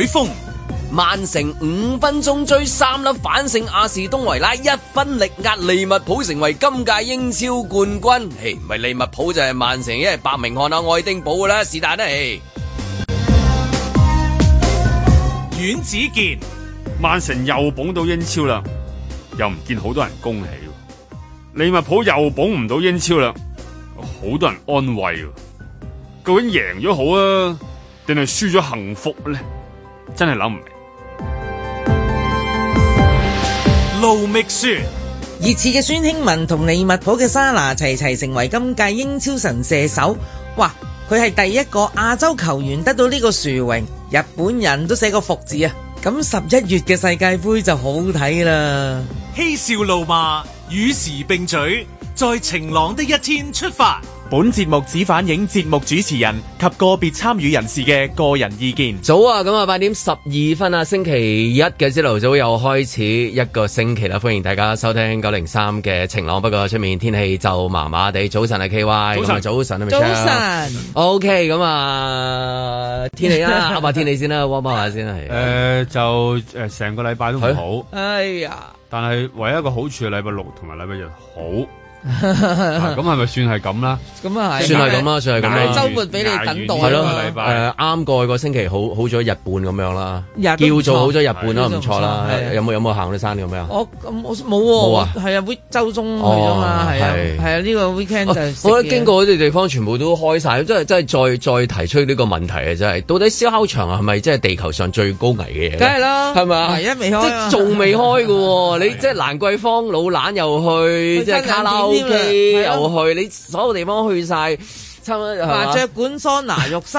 海峰，曼城五分鐘追三粒反勝，阿士東維拉一分力壓利物浦，成為今屆英超冠軍。嘿，唔係利物浦就係曼城，一係伯明翰啊，愛丁堡噶啦，是但啦。嘿，阮子健，曼城又捧到英超啦，又唔見好多人恭喜。利物浦又捧唔到英超啦，好多人安慰。究竟贏咗好啊，定係輸咗幸福咧？真係諗唔明。盧覓雪，熱刺嘅孫興文同利物浦嘅莎拿齊齊成為今屆英超神射手。哇！佢係第一個亞洲球員得到呢個殊榮，日本人都寫個福字啊！咁十一月嘅世界盃就好睇啦。嬉笑怒罵，與時並嘴，在晴朗的一天出發。本節目只反映節目主持人及個別參與人士嘅個人意見。早啊，咁啊八點十二分啊，星期一嘅朝頭早又開始一個星期啦，歡迎大家收聽九零三嘅晴朗。不過出面天氣就麻麻地。早晨係 KY，早晨安早晨早晨安。早晨。OK，咁啊，天氣啊，阿伯 天氣先啦、啊，摸摸下先啊。誒、 呃，就誒，成、呃、個禮拜都唔好。啊、哎呀！但係唯一一個好處，禮拜六同埋禮拜日好。咁係咪算係咁啦？咁啊算係咁啦，算係咁啦。周末俾你等到，係咯，誒，啱過個星期好好咗日半咁樣啦，叫做好咗日半啦，唔錯啦。有冇有冇行到山咁樣？我冇冇啊？係啊，會周中去啊嘛？係啊，係啊，呢個 weekend。我覺得經過嗰啲地方全部都開晒，真係真係再再提出呢個問題啊！真係，到底燒烤場係咪即係地球上最高危嘅嘢？梗係啦，係咪啊？未即仲未開嘅喎。你即係蘭桂坊、老蘭又去，即係 o Okay，又、嗯、去，你所有地方去晒，差唔多係麻雀館、桑拿 是是、浴室，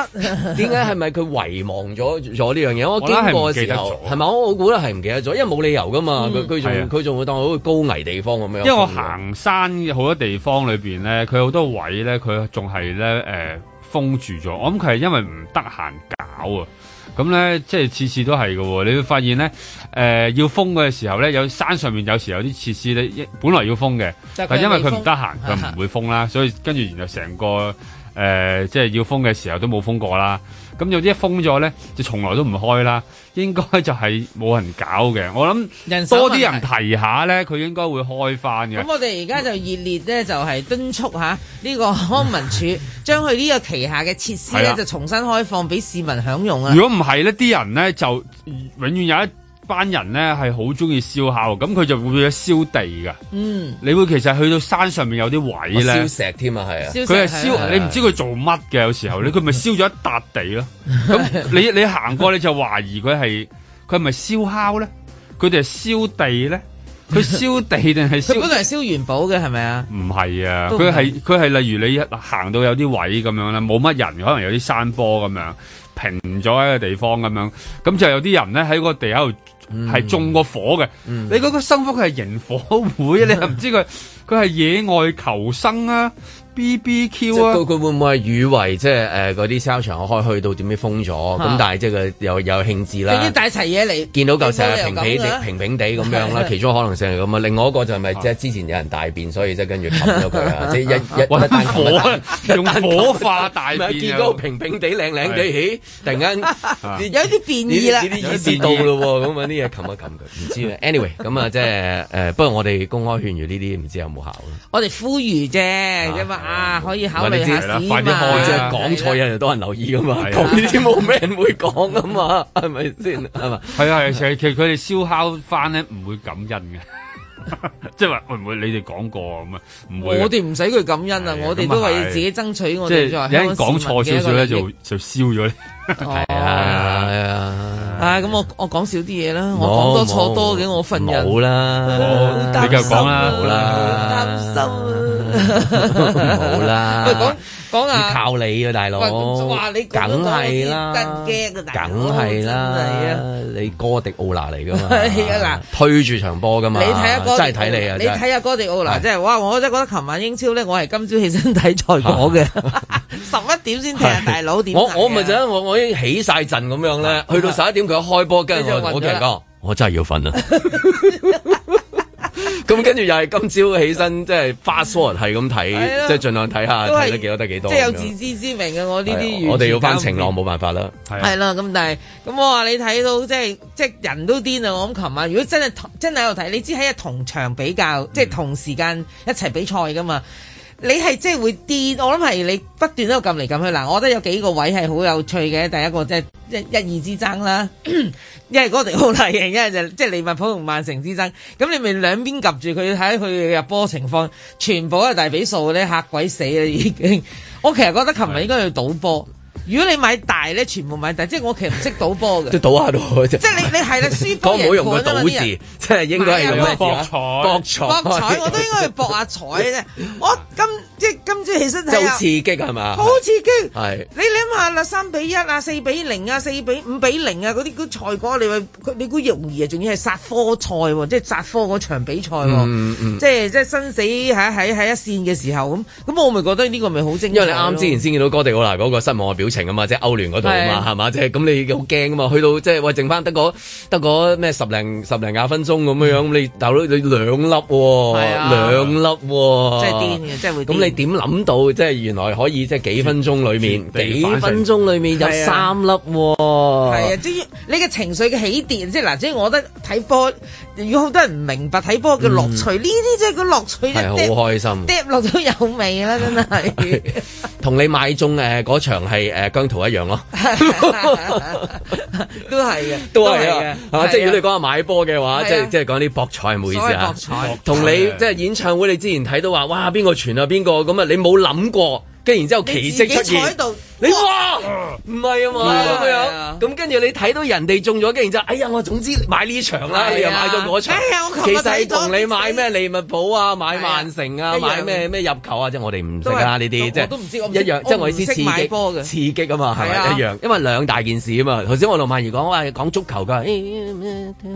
點解係咪佢遺忘咗咗呢樣嘢？我經過嘅時候，係咪我我估得係唔記得咗？因為冇理由噶嘛，佢佢仲佢仲會當好似高危地方咁樣。因為我行山好多地方裏邊咧，佢好多位咧，佢仲係咧誒封住咗。我諗佢係因為唔得閒搞啊。咁咧，即係次次都係㗎喎。你會發現咧，誒、呃、要封嘅時候咧，有山上面有時候有啲設施咧，本來要封嘅，封，但因為佢唔得行唔得閒，佢唔 會封啦。所以跟住然後成個誒、呃，即係要封嘅時候都冇封過啦。咁有啲封咗咧，就從來都唔開啦。應該就係冇人搞嘅。我諗多啲人提下咧，佢應該會開返嘅。咁、嗯、我哋而家就熱烈咧，就係、是、敦促下呢個康文署 將佢呢個旗下嘅設施咧，就重新開放俾市民享用啊！如果唔係呢啲人咧就永遠有一。班人咧係好中意燒烤，咁佢就會去咗燒地㗎。嗯，你會其實去到山上面有啲位咧，哦，燒石添啊，係啊，佢係燒你唔知佢做乜嘅。有時候你，佢咪燒咗一笪地咯。咁你你行過你就懷疑佢係佢係咪燒烤咧？佢哋係燒地咧？佢燒地定係燒？佢 本來係燒元寶嘅係咪啊？唔係啊，佢係佢係例如你一行到有啲位咁樣啦，冇乜人，可能有啲山坡咁樣平咗喺個地方咁樣，咁就有啲人咧喺個地喺度。係中過火嘅，嗯、你嗰個生火佢係營火會， 你又唔知佢佢係野外求生啊？B B Q 啊！佢佢會唔會係以為即係誒嗰啲商場開去到點樣封咗？咁但係即係佢有有興致啦。整啲帶齊嘢嚟，見到咁成日平平平地咁樣啦，其中可能性係咁啊！另外一個就係咪即係之前有人大便，所以即係跟住冚咗佢啊！即係一用火化大便，見到平平地、靚靚地，起，突然間有啲便意啦，啲意思到咯喎！咁啊啲嘢冚一冚佢，唔知啦。Anyway，咁啊即係誒，不過我哋公開勸喻呢啲唔知有冇效。我哋呼籲啫，啊，可以考慮下快啲開啫，講錯嘢就多人留意噶嘛。講呢啲冇咩人會講噶嘛，係咪先？係嘛？係啊，其實其實佢哋燒烤翻咧，唔會感恩嘅，即係話會唔會你哋講過咁啊？唔會，我哋唔使佢感恩啊，我哋都係自己爭取。我即係一講錯少少咧，就就燒咗。係啊係啊，咁我我講少啲嘢啦，我講多錯多嘅，我份人好啦，你繼續講啦，好啦。擔心好啦，講講下靠你啊，大佬，你梗係啦，梗係啦，係啊，你哥迪奧拿嚟噶嘛，係啊，嗱，推住場波噶嘛，你睇下哥，真係睇你啊，你睇下哥迪奧拿，真係，哇，我真係覺得琴晚英超咧，我係今朝起身睇賽果嘅，十一點先睇大佬點，我我咪就我我已經起晒陣咁樣咧，去到十一點佢一開波，跟住我我就講，我真係要瞓啦。咁跟住又係今朝起身，即係 fast forward 係咁睇，即係盡量睇下，睇得幾多得幾多。即係有自知之明嘅我呢啲，我哋要翻《晴朗》，冇辦法啦。係啦，咁但係，咁我話你睇到，即係即係人都癲，我諗琴晚如果真係真係喺度睇，你知喺啊同場比較，即係同時間一齊比賽噶嘛。你係即係會跌，我諗係你不斷喺度撳嚟撳去嗱，我覺得有幾個位係好有趣嘅，第一個即係一一二之爭啦，因為嗰個好大型，一係就即係利物浦同曼城之爭，咁你咪兩邊及住佢睇，佢入波情況，全部都係大比數咧，嚇鬼死啦已經，我其實覺得琴日應該要賭波。如果你買大咧，全部買大，即係我其實唔識賭波嘅。即係賭下賭，即係你你係啦。輸波唔好用個賭字，即係應該係用咩？博彩，博彩我都應該去搏下彩啫。我今即係今朝起身睇下，好刺激係嘛？好刺激係。你諗下啦，三比一啊，四比零啊，四比五比零啊，嗰啲嗰賽果，你話你估容易啊？仲要係殺科賽喎，即係殺科嗰場比賽喎，即係即係生死喺喺喺一線嘅時候咁。咁我咪覺得呢個咪好精，因為你啱之前先見到哥迪奧拿嗰個失望嘅表情啊嘛，即係歐聯嗰度啊嘛，係嘛，即係咁你好驚啊嘛，去到即係喂，剩翻得個得個咩十零十零廿分鐘咁樣樣，咁你大佬你兩粒喎，兩粒喎，即係癲嘅，即係會咁你點諗到，即係原來可以即係幾分鐘裏面，幾分鐘裏面有三粒喎，係啊，即係你嘅情緒嘅起跌，即係嗱，即係我覺得睇波。如果好多人唔明白睇波嘅樂趣，呢啲即係個樂趣，係好開心，跌落到有味啦，真係。同你買中誒嗰場係誒姜濤一樣咯，都係嘅，都係嘅。即係如果你講下買波嘅話，即係即係講啲博彩係咪先？所謂博彩，同你即係演唱會，你之前睇到話，哇邊個傳啊邊個咁啊，你冇諗過，跟然之後奇蹟出現。你哇，唔係啊嘛咁樣，咁跟住你睇到人哋中咗，跟住就哎呀，我總之買呢場啦，你又買咗嗰場。其實同你買咩利物浦啊，買曼城啊，買咩咩入球啊，即係我哋唔識啊。呢啲，即係都唔知我一樣，即係我意思刺激，刺激啊嘛，係啊一樣，因為兩大件事啊嘛。頭先我同曼怡講話講足球嘅，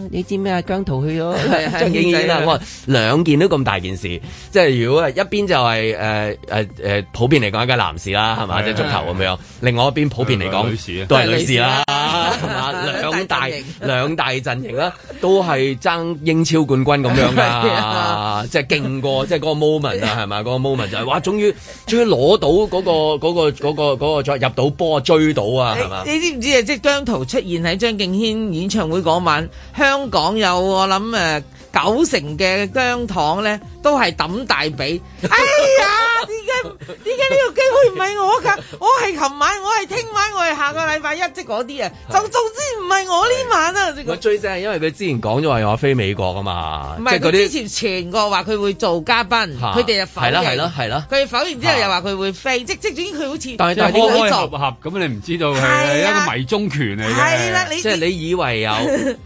你知咩？姜濤去咗，張敬軒兩件都咁大件事，即係如果係一邊就係誒誒誒普遍嚟講嘅男士啦，係嘛？即係足球咁樣。另外一邊普遍嚟講，都係女士啦，係嘛？兩大兩大陣營啦，都係爭英超冠軍咁樣噶、啊，即係勁過，即係嗰個 moment 啊，係嘛？嗰、那個 moment 就係、是，哇！終於終於攞到嗰、那個、那個、那個嗰、那個那個那個、再入到波追到啊，係嘛？你知唔知啊？即係姜濤出現喺張敬軒演唱會嗰晚，香港有我諗誒。呃九成嘅姜糖咧，都係抌大髀。哎呀，點解點解呢個機會唔係我㗎？我係琴晚，我係聽晚，我係下個禮拜一即嗰啲啊。就總之唔係我呢晚啊！我最正係因為佢之前講咗話我飛美國啊嘛，即係啲。之前全個話佢會做嘉賓，佢哋又否。係咯係咯係咯。佢否完之後又話佢會飛，即即總之佢好似。但係但係呢啲合不合咁？你唔知道嘅一個迷蹤拳嚟嘅。係啦，即係你以為有，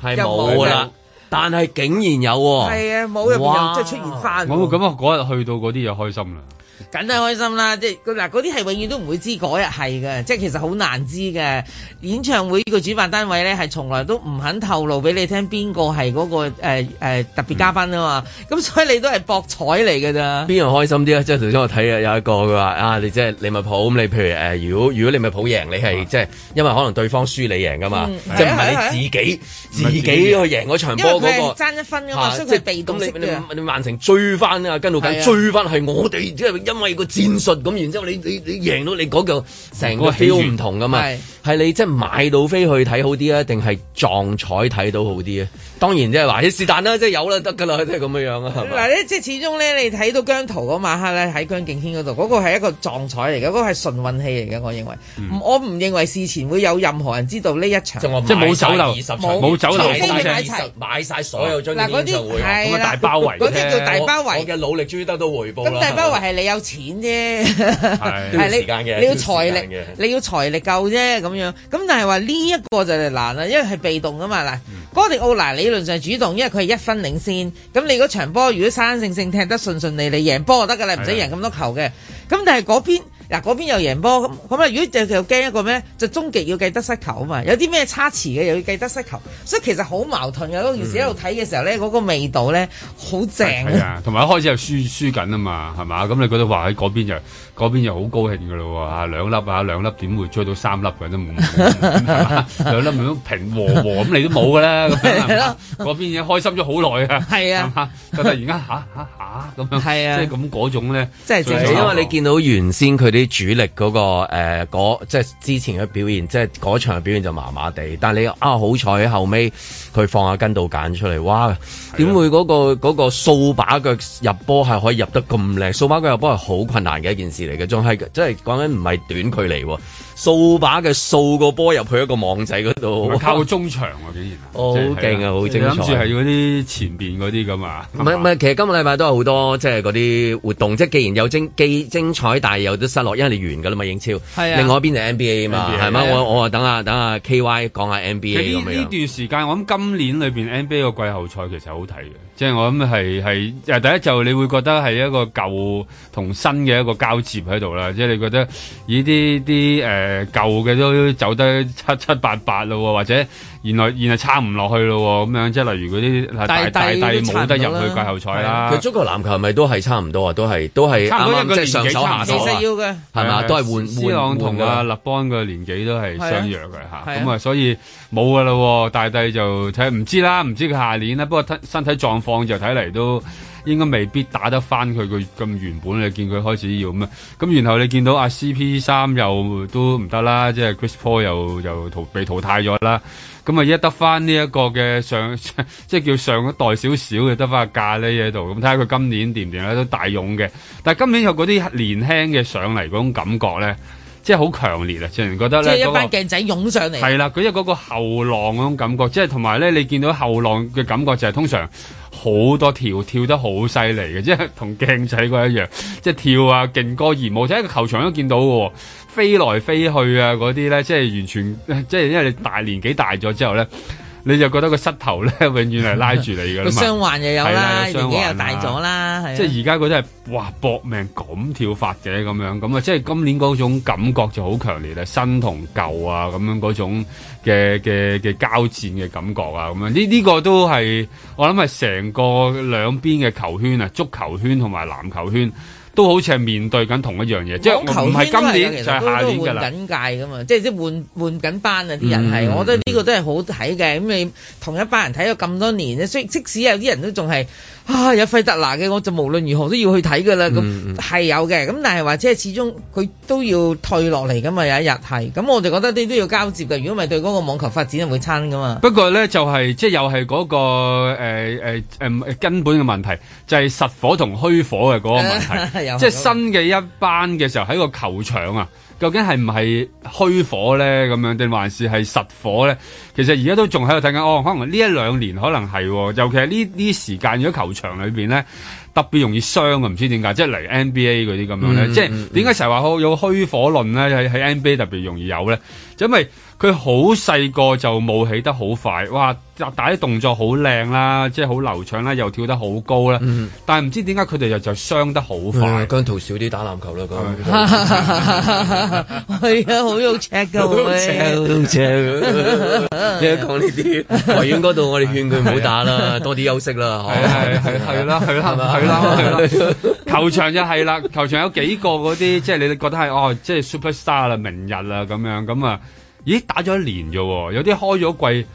係冇啦。但係竟然有，哦，係啊，冇入邊有即係哇出現翻，冇咁啊。嗰日去到嗰啲就開心啦。梗係開心啦！即係嗱，嗰啲係永遠都唔會知嗰日係嘅，即係其實好難知嘅。演唱會個主辦單位咧係從來都唔肯透露俾你聽邊個係嗰個誒特別嘉賓啊嘛。咁所以你都係博彩嚟㗎咋？邊個開心啲咧？即係頭先我睇啊有一個佢話啊，你即係你咪抱咁，你譬如誒，呃，如果如果你咪抱贏，你係即係因為可能對方輸你贏㗎嘛，嗯啊，即係唔係你自己，啊，自己去贏嗰場波嗰個爭一分啊嘛。即係被動嘅。咁你你你曼城追翻啊，跟到緊追翻係我哋，即係因為個戰術咁，然之後你你你贏到你嗰、那、腳、個，成個 feel 唔同噶嘛係。係你即係買到飛去睇好啲啊，定係撞彩睇到好啲啊？當然即係話，是但啦，即係有啦，得㗎啦，都係咁嘅樣啊。嗱，咧即係始終咧，你睇到姜濤嗰晚黑咧，喺姜敬軒嗰度，嗰個係一個撞彩嚟嘅，嗰個係純運氣嚟嘅。我認為，我唔認為事前會有任何人知道呢一場，即係冇走漏二十場，冇走漏嗰啲買齊買晒所有，嗱嗰啲係啦，嗰啲叫大包圍嘅。我嘅努力終於得到回報。咁大包圍係你有錢啫，係你你要財力，你要財力夠啫咁。咁但係話呢一個就係難啦，因為係被動啊嘛。嗱，哥迪奧拿理論上主動，因為佢係一分領先。咁你嗰場波如果生生性性踢得順順利利贏波就得噶啦，唔使贏咁多球嘅。咁的但係嗰邊嗱，嗰、啊、邊又贏波咁，咁啊、嗯、如果就又驚一個咩？就終極要計得失球啊嘛，有啲咩差池嘅又要計得失球，所以其實好矛盾嘅。嗰件事喺度睇嘅時候咧，嗰、嗯、個味道咧好正。係同埋一開始又輸輸緊啊嘛，係嘛？咁你覺得話喺嗰邊就是？嗰 邊又好高興㗎咯喎，啊，兩粒啊，兩粒點會追到三粒嘅？都冇，兩、嗯、粒 平和和咁你都冇㗎啦，咁嗰邊已經開心咗好耐啊！係啊， 嚇！突然間嚇嚇嚇咁樣，即係咁嗰種咧，即係正，因為你見到原先佢啲主力嗰、嗰個嗰、嗰個呃、即係之前嘅表現，即係嗰場表現就麻麻地，但係你啊好彩後尾佢放下根道揀出嚟，哇！點會嗰、嗰個嗰個掃把腳入波係可以入得咁靚？掃把腳入波係好困難嘅一件事。嚟嘅，仲係，即係講緊唔係短距離喎。掃把嘅掃個波入去一個網仔嗰度，靠中場啊！竟然，好勁、哦、是啊，好精彩！諗住係嗰啲前邊嗰啲咁啊？唔係唔係，其實今個禮拜都有好多，即係嗰啲活動。即係既然有精既精彩，但係有啲失落，因為你完㗎啦嘛，英超。係啊。另外一邊就 NBA 啊嘛，係嘛 NBA,？我我話等下等下，KY 講下 NBA 嘅呢段時間，樣我諗今年裏邊 NBA 個季後賽其實好睇嘅，即係我諗係係第一就你會覺得係一個舊同新嘅一個交接喺度啦，即係你覺得以啲啲誒。呃誒，舊嘅都走得七七八八咯，或者原來原來撐唔落去咯，咁樣即係例如嗰啲大大帝冇得入去季後賽啦。佢中國籃球係咪都係差唔多啊？都係都係差唔多一個年紀差，其實要嘅係嘛，都係換施昂同阿立邦嘅年紀都係相若嘅吓，咁啊，所以冇噶啦。大帝就睇唔知啦，唔知佢下年啦。不過身身體狀況就睇嚟都。應該未必打得翻佢，佢咁原本你見佢開始要咩？咁然後你見到阿、啊、CP3 又都唔得啦，即係 Chris Paul 又又淘被淘汰咗啦。咁啊一得翻呢一個嘅上即係叫上代一代少少嘅得翻阿咖喱喺度，咁睇下佢今年掂唔掂咧都大用嘅。但係今年有嗰啲年輕嘅上嚟嗰種感覺咧。即係好強烈啊！成日覺得咧，即係一班鏡仔湧上嚟，那個。係啦，佢有嗰個後浪嗰種感覺，即係同埋咧，你見到後浪嘅感覺就係、是、通常好多條跳得好犀利嘅，即係同鏡仔嗰一樣，即係跳啊勁歌熱舞，就喺個球場都見到嘅，啊，飛來飛去啊嗰啲咧，即係完全即係因為你大年紀大咗之後咧。你就覺得個膝頭咧，永遠係拉住你㗎嘛。個 傷患又有啦，年紀又大咗啦，啦即係而家嗰啲係哇搏命咁跳法嘅咁樣，咁啊即係今年嗰種感覺就好強烈啊，新同舊啊咁樣嗰種嘅嘅嘅交戰嘅感覺啊，咁樣呢呢、這個都係我諗係成個兩邊嘅球圈啊，足球圈同埋籃球圈。都好似係面對緊同一樣嘢，即係唔係今年其實就係下年㗎啦。都都換緊屆㗎嘛，即係即換換緊班啊！啲人係，嗯、我覺得呢個都係好睇嘅。咁你、嗯、同一班人睇咗咁多年咧，所以即使有啲人都仲係。啊！有費德拿嘅，我就無論如何都要去睇噶啦。咁係、嗯、有嘅，咁但係或者係始終佢都要退落嚟噶嘛。有一日係，咁我就覺得呢都要交接嘅。如果唔係，對嗰個網球發展會差噶嘛。不過咧，就係即係又係嗰、那個誒誒、呃呃呃、根本嘅問題，就係、是、實火同虛火嘅嗰個問題。即係、 那個、新嘅一班嘅時候喺個球場啊！究竟係唔係虛火咧咁樣，定還是係實火咧？其實而家都仲喺度睇緊，哦，可能呢一兩年可能係，尤其係呢呢時間，如果球場裏邊咧特別容易傷啊，唔知點解，即係嚟 NBA 嗰啲咁樣咧，嗯嗯嗯即係點解成日話好有虛火論咧？喺喺 NBA 特別容易有咧，就係因為。佢好細個就冇起得好快，哇！打啲動作好靚啦，即係好流暢啦，又跳得好高啦。但係唔知點解佢哋就就傷得好快。姜圖少啲打籃球啦咁。係啊，好肉赤㗎喎！肉赤，肉赤。你講呢啲圍院嗰度，我哋勸佢唔好打啦，多啲休息啦。係係係係啦係啦係啦。球場就係啦，球場有幾個嗰啲，即係你覺得係哦，即係 super star 啦，明日啦咁樣咁啊。咦，打咗一年啫，有啲開咗季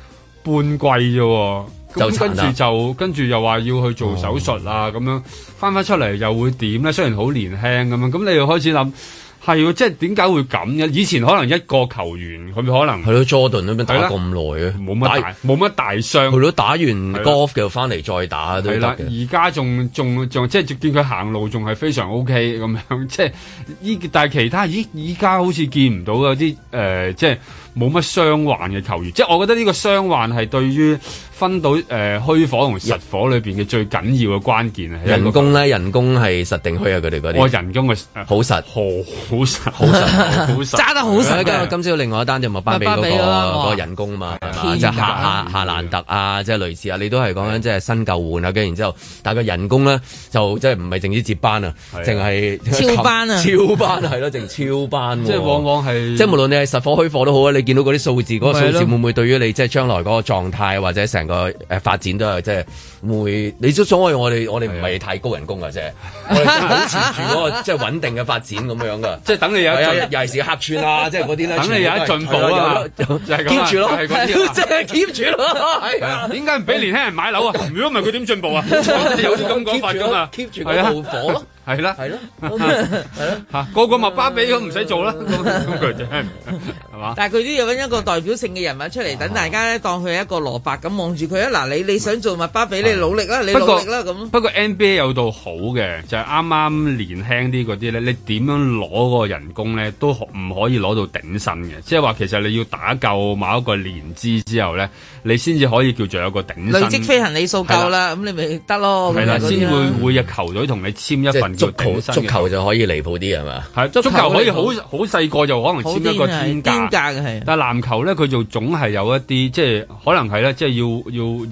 半季啫，咁跟住就跟住又話要去做手術啊，咁、哦、樣翻翻出嚟又會點咧？雖然好年輕咁樣，咁你又開始諗。係喎，即係點解會咁嘅？以前可能一個球員佢可能去到 Jordan 咁打咁耐嘅，冇乜大冇乜 大傷。佢都 打完 golf 又翻嚟再打都得嘅。而家仲仲仲即係見佢行路仲係非常 OK 咁樣，即係依但係其他，咦？依家好似見唔到有啲誒、呃，即係冇乜傷患嘅球員。即係我覺得呢個傷患係對於。分到誒虛火同實火裏邊嘅最緊要嘅關鍵係人工咧，人工係實定虛啊！佢哋嗰啲人工嘅好實，好實，好實，好實，揸得好實。今朝另外一單就冇班俾嗰個人工啊嘛，即係夏夏夏蘭特啊，即係類似啊，你都係講緊即係新舊換啊，跟住然之後，但係個人工咧就即係唔係淨止接班啊，淨係超班啊，超班係咯，淨超班。即係往往係即係無論你係實火虛火都好啊，你見到嗰啲數字，嗰個數字會唔會對於你即係將來嗰個狀態或者成個？誒發展都係即係會，你所所謂我哋我哋唔係太高人工嘅啫，我哋保持住嗰個即係穩定嘅發展咁樣噶，即係等你有得進，尤其是客串啊，即係嗰啲咧，等你有得進步啊，就係咁啊，keep 住咯，係咁，即係 keep 住咯，係點解唔俾年輕人買樓啊？如果唔係佢點進步啊？有啲咁講法噶嘛，keep 住個爐火咯。係啦，係咯，係咯，吓個個麥巴比咁唔使做啦，咁佢真係係嘛？但係佢都要搵一個代表性嘅人物出嚟，等大家當佢一個蘿蔔咁望住佢啊！嗱，你你想做麥巴比，你努力啦，你努力啦咁。不過 NBA 有到好嘅，就係啱啱年輕啲嗰啲咧，你點樣攞個人工咧，都唔可以攞到頂薪嘅。即係話，其實你要打夠某一個年資之後咧，你先至可以叫做有個頂薪累積飛行里數夠啦，咁你咪得咯。係啦，先會會有球隊同你簽一份。足球，足球就可以離譜啲係嘛？係，足球可以好好細個就可能簽一個天價，格係。但係籃球咧，佢就總係有一啲即係可能係咧，即係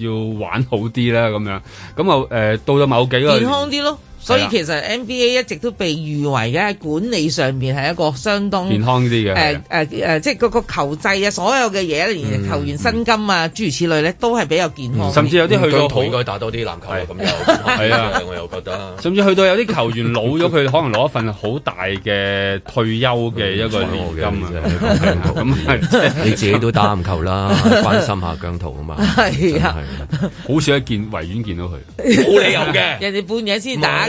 要要要玩好啲啦咁樣。咁啊誒，到咗某幾個健康啲咯。所以其實 NBA 一直都被譽為咧，管理上面係一個相當健康啲嘅，誒誒誒，即係嗰個球制啊，所有嘅嘢咧，連球員薪金啊，諸如此類咧，都係比較健康。甚至有啲去到應該打多啲籃球啊，咁又係啊，我又覺得。甚至去到有啲球員老咗，佢可能攞一份好大嘅退休嘅一個金啊。咁你自己都打籃球啦，關心下姜濤啊嘛。係啊，好少一見，維園見到佢冇理由嘅。人哋半夜先打。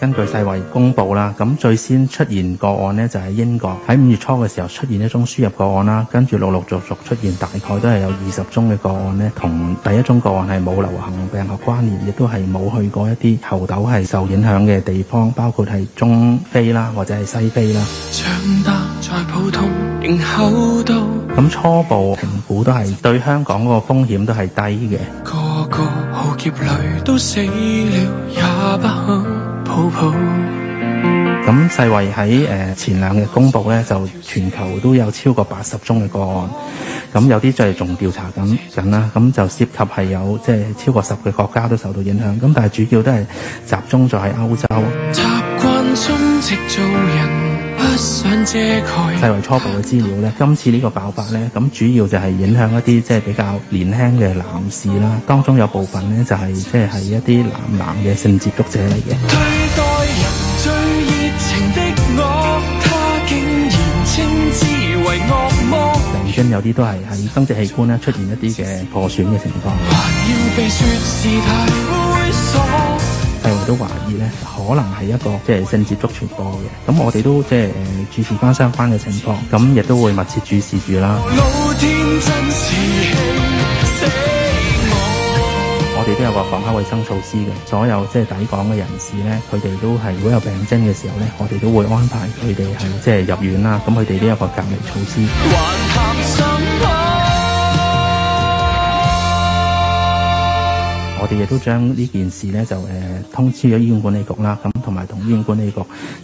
根據世衞公布啦，咁最先出現個案呢就喺英國，喺五月初嘅時候出現一宗輸入個案啦，跟住陸陸續續出現，大概都係有二十宗嘅個案呢，同第一宗個案係冇流行病學關聯，亦都係冇去過一啲猴痘係受影響嘅地方，包括係中非啦或者係西非啦。咁初步評估都係對香港嗰個風險都係低嘅。個個豪傑累都死了也不恨。咁、嗯、世衛喺誒前兩日公布咧，就全球都有超過八十宗嘅個案，咁、嗯、有啲就係仲調查緊緊啦，咁就涉及係有即係超過十個國家都受到影響，咁但係主要都係集中咗喺歐洲。習慣作為初步嘅資料咧，今次呢個爆發咧，咁主要就係影響一啲即係比較年輕嘅男士啦，當中有部分呢、就是，就係即係一啲男男嘅性接觸者嚟嘅。病人有啲都係喺生殖器官呢出現一啲嘅破損嘅情況。還要被係都懷疑咧，可能係一個即係性接觸傳播嘅。咁我哋都即係、呃、注視翻相關嘅情況，咁亦都會密切注視住啦。 我哋都有個防拋衞生措施嘅，所有即係抵港嘅人士咧，佢哋都係如果有病徵嘅時候咧，我哋都會安排佢哋係即係入院啦。咁佢哋都有個隔離措施。我哋亦都將呢件事咧就誒、呃、通知咗醫院管理局啦，咁同埋同醫院管理局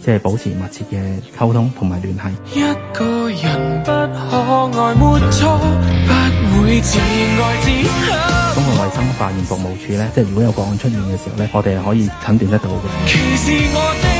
即係保持密切嘅溝通同埋聯繫。公共衞生化驗服務處呢，即係如果有個案出現嘅時候呢，我哋係可以診斷得到嘅。其是我的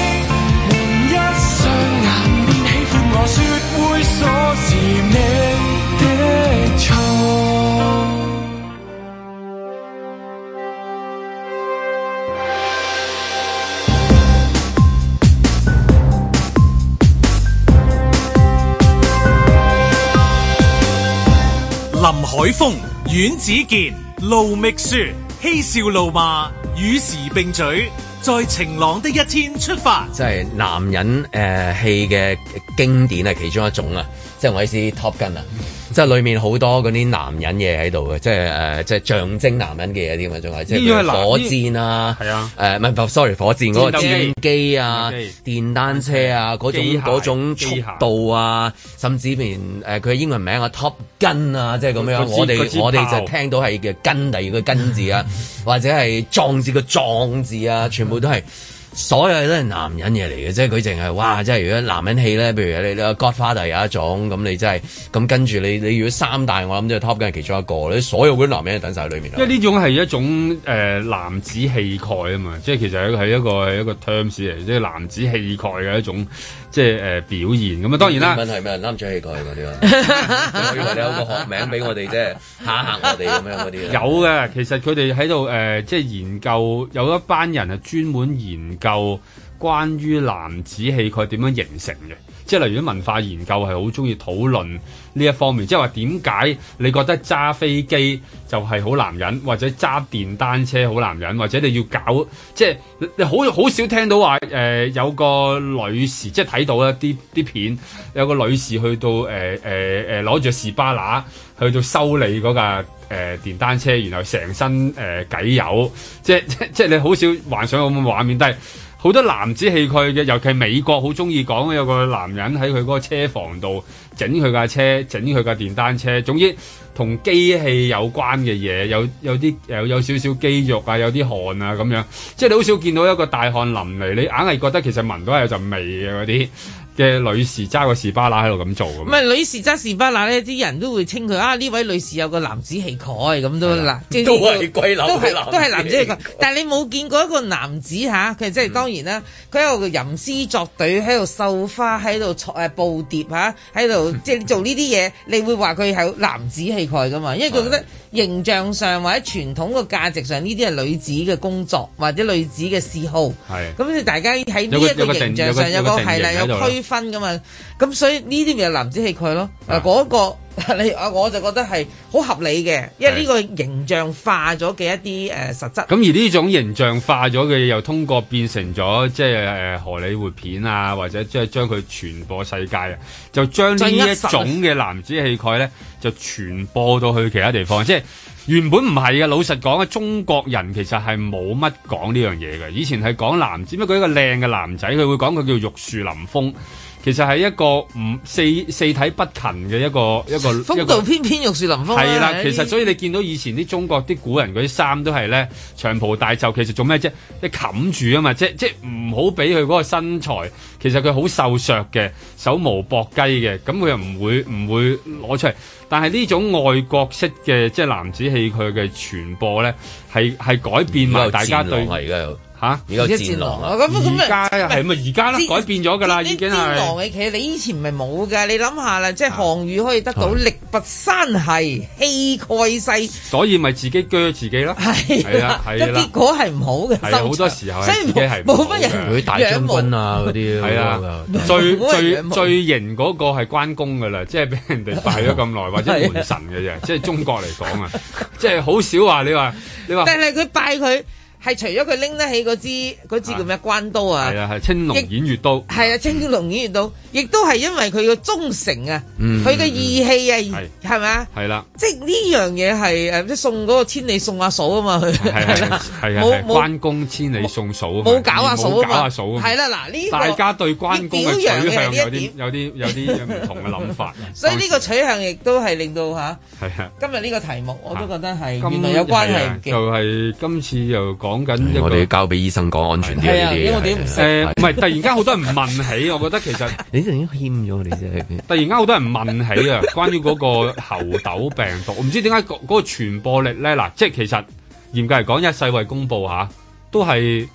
海峰、阮子健、盧覓雪，嬉笑怒罵，與時並舉，在晴朗的一天出發，即係男人誒戲嘅經典啊，其中一種啊。即係我意思，Top Gun 啊！即係裏面好多嗰啲男人嘢喺度嘅，即係誒、呃，即係象徵男人嘅嘢啲咁嘅，即係譬如火箭啊，係啊，誒唔係，sorry，火箭嗰個戰機啊，機電單車啊，嗰種，械種，種速度啊，械甚至連誒佢英文名啊 Top Gun 啊，即係咁樣，我哋們似我哋就聽到係嘅筋嚟嘅筋字啊， 或者係壯字嘅壯字啊，全部都係。所有嘢都係男人嘢嚟嘅，即係佢淨係哇！即係如果男人戲咧，譬如你阿 Godfather 有一種咁，你真係咁跟住你，你如果三大我諗都 top 梗係其中一個，你所有嗰啲男人都等晒喺裏面。即係呢種係一種誒、呃、男子氣概啊嘛，即係其實係一個一個 terms 嚟，即係男子氣概嘅一種。即係誒、呃、表現咁啊！當然啦，問題係俾人啱咗起過去嗰啲啊， 以為你有個學名俾我哋即係嚇嚇我哋咁樣嗰啲啊， 吧有嘅。其實佢哋喺度誒，即係研究有一班人係專門研究。關於男子氣概點樣形成嘅，即係例如文化研究係好中意討論呢一方面，即係話點解你覺得揸飛機就係好男人，或者揸電單車好男人，或者你要搞即係你好好少聽到話誒、呃、有個女士即係睇到一啲啲片，有個女士去到誒誒誒攞住個士巴拿去到修理嗰架誒電單車，然後成身誒偈油，即即即係你好少幻想有咁嘅畫面，但係，好多男子氣概嘅，尤其美國好中意講有個男人喺佢嗰個車房度整佢架車、整佢架電單車，總之同機器有關嘅嘢，有有啲有有少少肌肉啊，有啲汗啊咁樣，即係你好少見到一個大汗淋漓，你硬係覺得其實聞到係有陣味嘅嗰啲。嘅女士揸個士巴拿喺度咁做，唔係女士揸士巴拿咧，啲人都會稱佢啊，呢位女士有個男子氣概咁都嗱，嗯、即都係貴樓，都係男，都係男子氣概。氣概 但係你冇見過一個男子嚇，佢即係當然啦，佢喺度吟詩作對，喺度繡花，喺度誒布疊嚇，喺度即係做呢啲嘢，嗯、你會話佢係男子氣概㗎嘛？因為佢覺得。嗯形象上或者傳統嘅價值上，呢啲係女子嘅工作或者女子嘅嗜好，係咁，所以大家喺呢一個形象上有個係啦，有區分噶嘛，咁所以呢啲咪係男子氣概咯，嗱嗰個。你啊， 我就覺得係好合理嘅，因為呢個形象化咗嘅一啲誒實質。咁而呢種形象化咗嘅，又通過變成咗即係、呃、荷里活片啊，或者即係將佢傳播世界，啊，就將呢一種嘅男子氣概咧，就傳播到去其他地方。即係原本唔係嘅，老實講啊，中國人其實係冇乜講呢樣嘢嘅。以前係講男子，只不過一個靚嘅男仔，佢會講佢叫玉樹臨風。其實係一個唔四四體不勤嘅一個一個，一個風度翩翩，玉樹臨風係啦。其實所以你見到以前啲中國啲古人嗰啲衫都係咧，長袍大袖，其實做咩啫？即冚住啊嘛，即即唔好俾佢嗰個身材。其實佢好瘦削嘅，手無縛雞嘅，咁佢又唔會唔會攞出嚟。但係呢種外國式嘅即係男子戲佢嘅傳播咧，係係改變大家對。吓，比較戰狼啊！咁咁而家啊，係咪而家啦？改變咗噶啦，已經係。戰狼嘅嘅，你以前咪冇嘅。你諗下啦，即係項羽可以得到力拔山兮，氣蓋世，所以咪自己鋸自己咯。係啊，係啦，個結果係唔好嘅。係啊，好多時候自己係冇乜人。佢大將軍啊，嗰啲係啊，最最最型嗰個係關公噶啦，即係俾人哋拜咗咁耐，或者門神嘅啫。即係中國嚟講啊，即係好少話你話你話，但係佢拜佢。係除咗佢拎得起嗰支嗰支叫咩關刀啊？係啊係青龍偃月刀，係啊青龍偃月刀，亦都係因為佢個忠誠啊，佢個義氣啊，係咪啊？係啦，即係呢樣嘢係誒送嗰個千里送阿嫂啊嘛，佢係啦，係啊，關公千里送嫂，冇搞阿嫂，冇搞阿嫂，係啦。嗱呢個大家對關公嘅取向有啲有啲有啲唔同嘅諗法，所以呢個取向亦都係令到吓，係啊，係今日呢個題目我都覺得係原來有關係，就係今次又。講緊，我哋交俾醫生講安全啲嘅嘢。係啊，唔係突然間好多人問起，我覺得其實你哋已經欠咗你哋啫。突然間好多人問起啊，關於嗰個猴痘病毒，我唔知點解嗰嗰個傳播力咧嗱，即係其實嚴格嚟講，一世衞公佈嚇都係。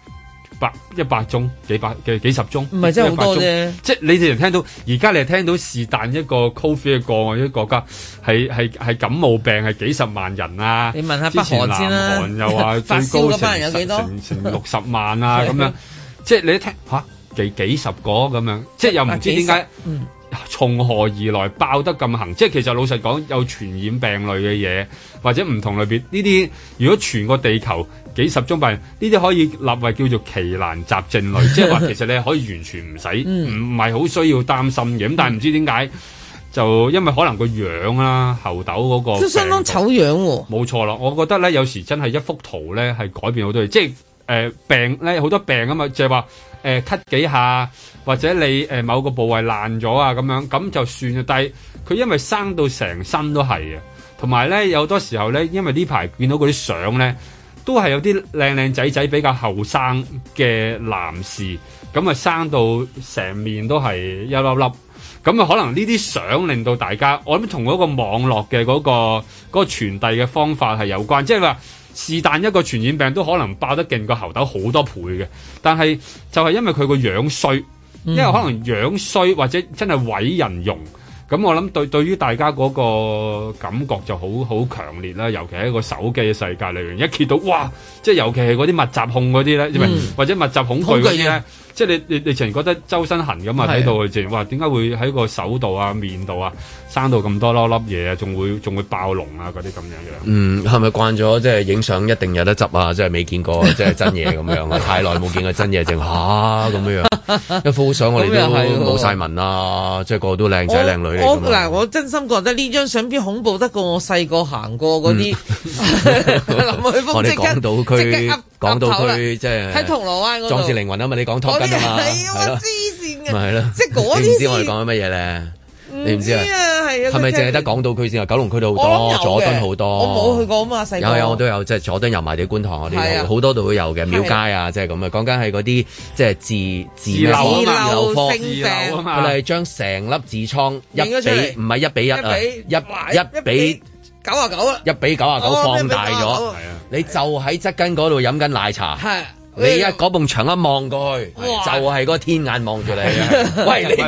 百一百宗，幾百嘅幾十宗，唔係真係好多啫宗。而已 即係你哋人聽到，而家你係聽到是但一個 COVID 嘅個案啲國家係係係感冒病係幾十萬人啊！你問下北韓先啦，又話最高 有幾多？成成，成六十萬啊咁 樣。即係你一聽吓、啊，幾幾十個咁樣，即係又唔知點解、嗯、從何而來爆得咁行。即係其實老實講，有傳染病類嘅嘢，或者唔同類別呢啲，如果全個地球。幾十種病，呢啲可以立為叫做奇難雜症類， 即係話其實你可以完全唔使，唔係好需要擔心嘅。咁、嗯、但係唔知點解就因為可能樣、啊、個樣啦，喉頭嗰個都相當醜樣喎、啊。冇錯啦，我覺得咧有時真係一幅圖咧係改變好多嘢，即係誒、呃、病咧好多病啊嘛，就係話誒咳幾下或者你誒、呃、某個部位爛咗啊，咁樣咁就算啦。但係佢因為生到成身都係啊，同埋咧有多時候咧，因為呢排見到嗰啲相咧。都係有啲靚靚仔仔比較後生嘅男士，咁啊生到成面都係一粒粒，咁啊可能呢啲相令到大家，我諗同嗰個網絡嘅嗰個嗰個傳遞嘅方法係有關，即係話是但一個傳染病都可能爆得勁過猴痘好多倍嘅，但係就係因為佢個樣衰，因為可能樣衰或者真係毀人容。咁、嗯、我諗對對於大家嗰個感覺就好好強烈啦，尤其喺個手機嘅世界裏邊，一見到哇，即係尤其係嗰啲密集控嗰啲咧，嗯、或者密集恐懼嗰啲咧，呢即係你你你突然覺得周身痕咁啊，睇到佢哋哇，點解會喺個手度啊、面度啊？生到咁多粒粒嘢，仲會仲會爆龍啊！嗰啲咁樣樣。嗯，係咪慣咗即係影相一定有得執啊？即係未見過即係真嘢咁樣啊！太耐冇見過真嘢正嚇咁樣樣一副相，我哋都冇晒紋啦！即係個個都靚仔靚女嚟。我我真心覺得呢張相邊恐怖得過我細個行過嗰啲我哋港島區，港島區即係喺銅鑼灣嗰度。莊子靈魂啊嘛！你講拖根啊嘛？係咯，黐線嘅。係咯，即係嗰啲。我哋講緊乜嘢咧？你唔知啊？係啊，係咪淨係得港島區先啊？九龍區都好多，佐敦好多，我冇去過啊嘛。細個有有，我都有，即係佐敦油麻地觀塘嗰啲，好多度都有嘅，廟街啊，即係咁啊。講緊係嗰啲即係痔痔漏痔漏，佢係將成粒痔瘡一比唔係一比一啊，一比九啊九啊，一比九啊九放大咗。係啊，你就喺側根嗰度飲緊奶茶。係。你一嗰埲牆一望過去，就係個天眼望住你。喂，即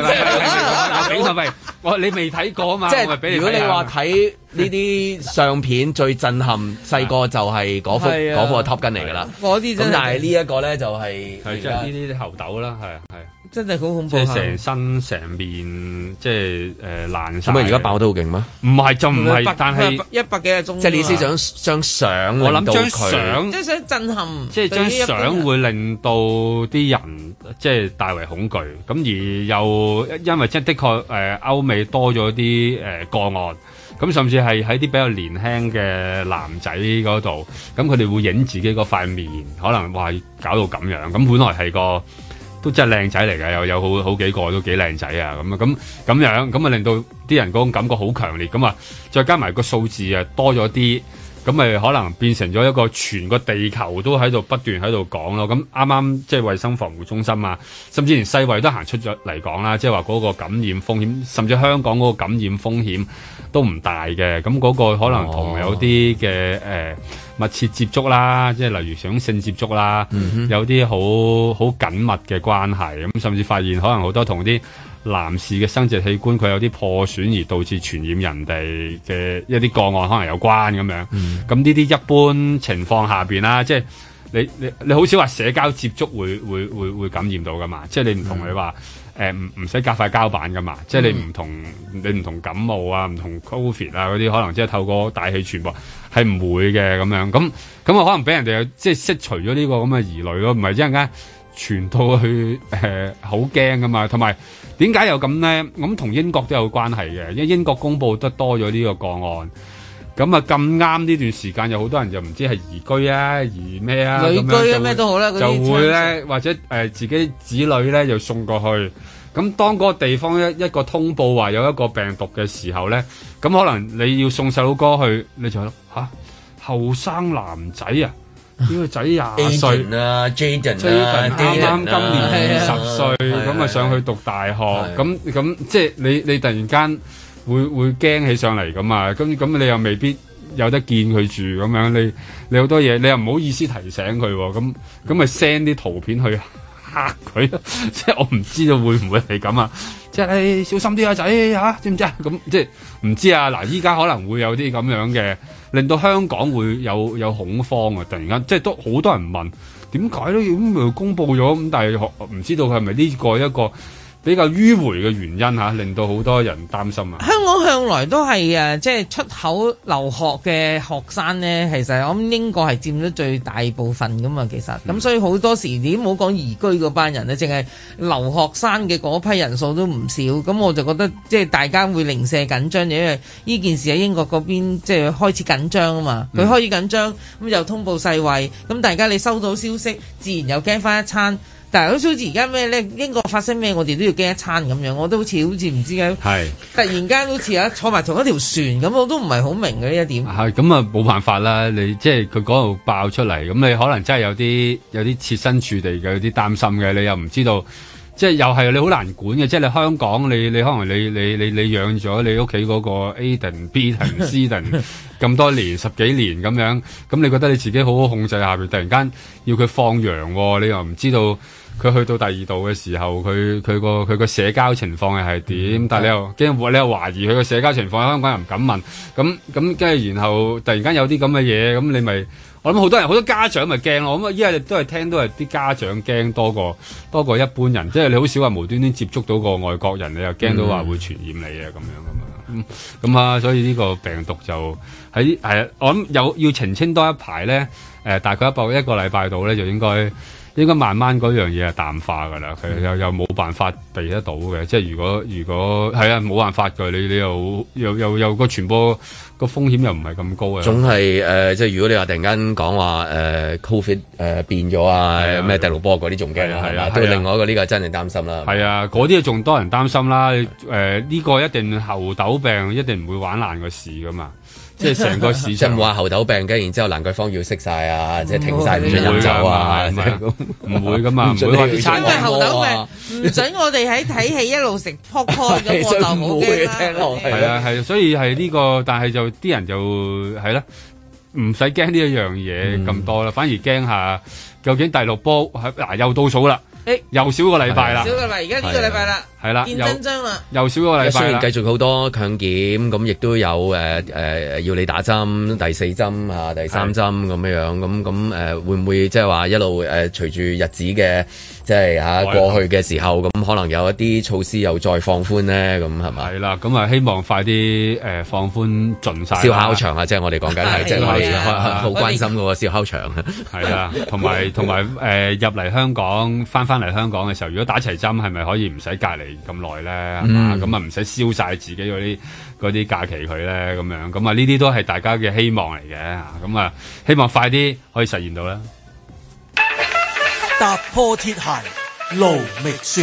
係喂，你未睇過啊嘛？即係如果你話睇呢啲相片，最震撼細個就係嗰幅嗰幅嘅 top 巾嚟㗎啦。嗰啲咁，但係呢一個咧就係係即係呢啲猴豆啦，係啊係。真係好恐怖！即係成身成面，即係誒、呃、爛晒。咁啊，而家爆得好勁咩？唔係就唔係，但係一百幾個鐘，即係你思想張吧相，我諗張相，即係想震撼，即係張相，相會令到啲人即係大為恐懼。咁而又因為即係的確誒、呃、歐美多咗啲誒個案，咁甚至係喺啲比較年輕嘅男仔嗰度，咁佢哋會影自己嗰塊面，可能話搞到咁樣。咁本來係個。都真係靚仔嚟嘅，有有好好幾個都幾靚仔啊！咁啊咁咁樣，咁啊令到啲人嗰種感覺好強烈，咁啊再加埋個數字啊多咗啲。咁咪可能變成咗一個全個地球都喺度不斷喺度講咯。咁啱啱即係衞生防護中心啊，甚至連世衛都行出咗嚟講啦，即係話嗰個感染風險，甚至香港嗰個感染風險都唔大嘅。咁嗰個可能同有啲嘅誒密切接觸啦，即係例如想性接觸啦，嗯、哼有啲好好緊密嘅關係，咁、嗯、甚至發現可能好多同啲，男士嘅生殖器官佢有啲破損而導致傳染人哋嘅一啲個案可能有關，咁樣、嗯，咁呢啲一般情況下邊啦，即係你你你好少話社交接觸會會會會感染到噶嘛？即係你唔同你話誒唔唔使夾塊膠板噶嘛？嗯、即係你唔同你唔同感冒啊、唔同 Covid 啊嗰啲可能即係透過大氣傳播係唔會嘅咁樣，咁咁啊可能俾人哋即係釋除咗呢個咁嘅疑慮咯，唔係即係而家傳到去誒好驚噶嘛，同埋。點解又咁咧？咁同英國都有關係嘅，因為英國公布得多咗呢個個案，咁啊咁啱呢段時間，有好多人就唔知係移居啊，移咩啊，旅居啊，咩都好咧，就會咧或者誒、呃、自己子女咧就送過去。咁當嗰個地方一一個通報話有一個病毒嘅時候咧，咁可能你要送細佬哥去，你就吓，後生男仔啊！呢個仔廿歲啦，Jaden，最近啱啱今年十歲，咁啊上去讀大學，咁咁是即係你你突然間會會驚起上嚟咁啊，咁咁你又未必有得見佢住咁樣，你你好多嘢，你又唔好意思提醒佢喎，咁咁咪 send 啲圖片去嚇佢，即係我唔知道會唔會係咁啊，即係你小心啲啊仔吓、啊，知唔知，知啊？咁即係唔知啊，嗱依家可能會有啲咁樣嘅。令到香港會有有恐慌啊！突然間，即係都好多人問點解咧？咁咪公佈咗咁，但係學唔知道係咪呢個一個？比較迂迴嘅原因嚇、啊，令到好多人擔心啊！香港向來都係誒、啊，即係出口留學嘅學生呢，其實我諗英國係佔咗最大部分噶嘛，其實咁、嗯、所以好多時點好講移居嗰班人呢，淨係留學生嘅嗰批人數都唔少，咁、嗯、我就覺得即係大家會零舍緊張，因為呢件事喺英國嗰邊即係開始緊張啊嘛，佢開始緊張咁、嗯、又通報世衛，咁大家你收到消息，自然又驚翻一餐。嗱，好似而家咩咧？英國發生咩，我哋都要驚一餐咁樣。我都好似好似唔知咁，是突然間好似啊，坐埋同一條船咁，我都唔係好明嘅呢一點。係咁啊，冇辦法啦。你即係佢嗰度爆出嚟，咁你可能真係有啲有啲設身處地嘅有啲擔心嘅。你又唔知道，即係又係你好難管嘅。即係你香港，你你可能你你你你養咗你屋企嗰個 A 定 B 定 C 定咁多年十幾年咁樣，咁你覺得你自己好好控制下邊，突然間要佢放羊喎、哦？你又唔知道。佢去到第二度嘅時候，佢佢個佢個社交情況又係點？但係你又驚，嗯、你又懷疑佢個社交情況。香港人唔敢問，咁咁跟住，然後突然間有啲咁嘅嘢，咁你咪我諗好多人好多家長咪驚咯。咁依家都係聽，都係啲家長驚多過多過一般人。即係你好少話無端端接觸到個外國人，你又驚到話會傳染你啊咁樣咁樣。咁啊、嗯嗯，所以呢個病毒就喺係啊，我諗有要澄清多一排咧。誒、呃，大概一百一個禮拜度咧，就應該。應該慢慢嗰樣嘢係淡化㗎啦，其實又又冇辦法避得到嘅，即係如果如果係啊冇辦法嘅，你你又又又又個傳播個風險又唔係咁高嘅。總係誒，即、呃、係、就是、如果你話突然間講話誒 COVID、呃、變咗啊，咩第六波嗰啲仲驚係啦，對另外一個呢、呢個真係擔心啦。係啊，嗰啲仲多人擔心啦，誒呢個一定猴痘病一定唔會玩爛個事㗎嘛。即係成個市場，即係唔話猴痘病嘅，然之後蘭桂坊要熄晒啊，即係停晒唔准飲酒啊，唔會噶嘛，唔准話啲產仔猴痘病，唔准我哋喺睇戲一路食 popcorn 咁我就冇驚啦。係啊係，所以係呢個，但係就啲人就係啦，唔使驚呢一樣嘢咁多啦，反而驚下究竟第六波，嗱又倒數啦。誒，又少個禮拜啦，少個禮拜，而家呢個禮拜啦，係啦，見真章啦，又少個禮拜。雖然繼續好多強檢，咁亦都有誒誒、呃呃，要你打針，第四針啊，第三針咁樣樣，咁咁誒，會唔會即係話一路誒，隨、呃、住日子嘅？即係啊，過去嘅時候咁、嗯，可能有一啲措施又再放寬咧，咁係咪？係啦，咁啊、嗯，希望快啲誒、呃、放寬盡晒燒烤場啊，即係我哋講緊係，即係我哋好關心嘅喎，燒烤場。係啦，同埋同埋誒入嚟香港，翻翻嚟香港嘅時候，如果打齊針，係咪可以唔使隔離咁耐咧？係嘛，咁啊唔使燒晒自己嗰啲啲假期佢咧，咁樣咁啊呢啲都係大家嘅希望嚟嘅。咁啊，希望快啲可以實現到啦。踏破鐵鞋路未熟，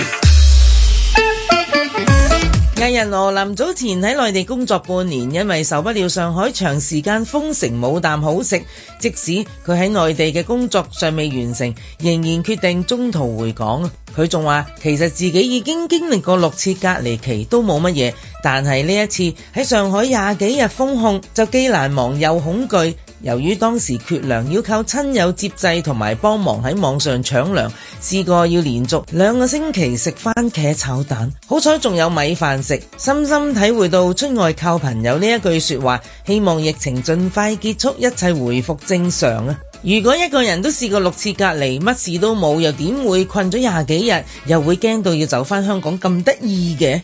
藝人羅林早前喺內地工作半年，因為受不了上海長時間封城冇啖好食，即使佢喺內地嘅工作尚未完成，仍然決定中途回港。佢仲話：其實自己已經經歷過六次隔離期都冇乜嘢，但係呢一次喺上海廿幾日封控，就既難忘又恐懼。由於當時缺糧，要靠親友接濟同埋幫忙喺網上搶糧，試過要連續兩個星期食番茄炒蛋，好彩仲有米飯食，深深體會到出外靠朋友呢一句説話。希望疫情盡快結束，一切回復正常啊！如果一個人都試過六次隔離，乜事都冇，又點會困咗廿幾日，又會驚到要走返香港咁得意嘅？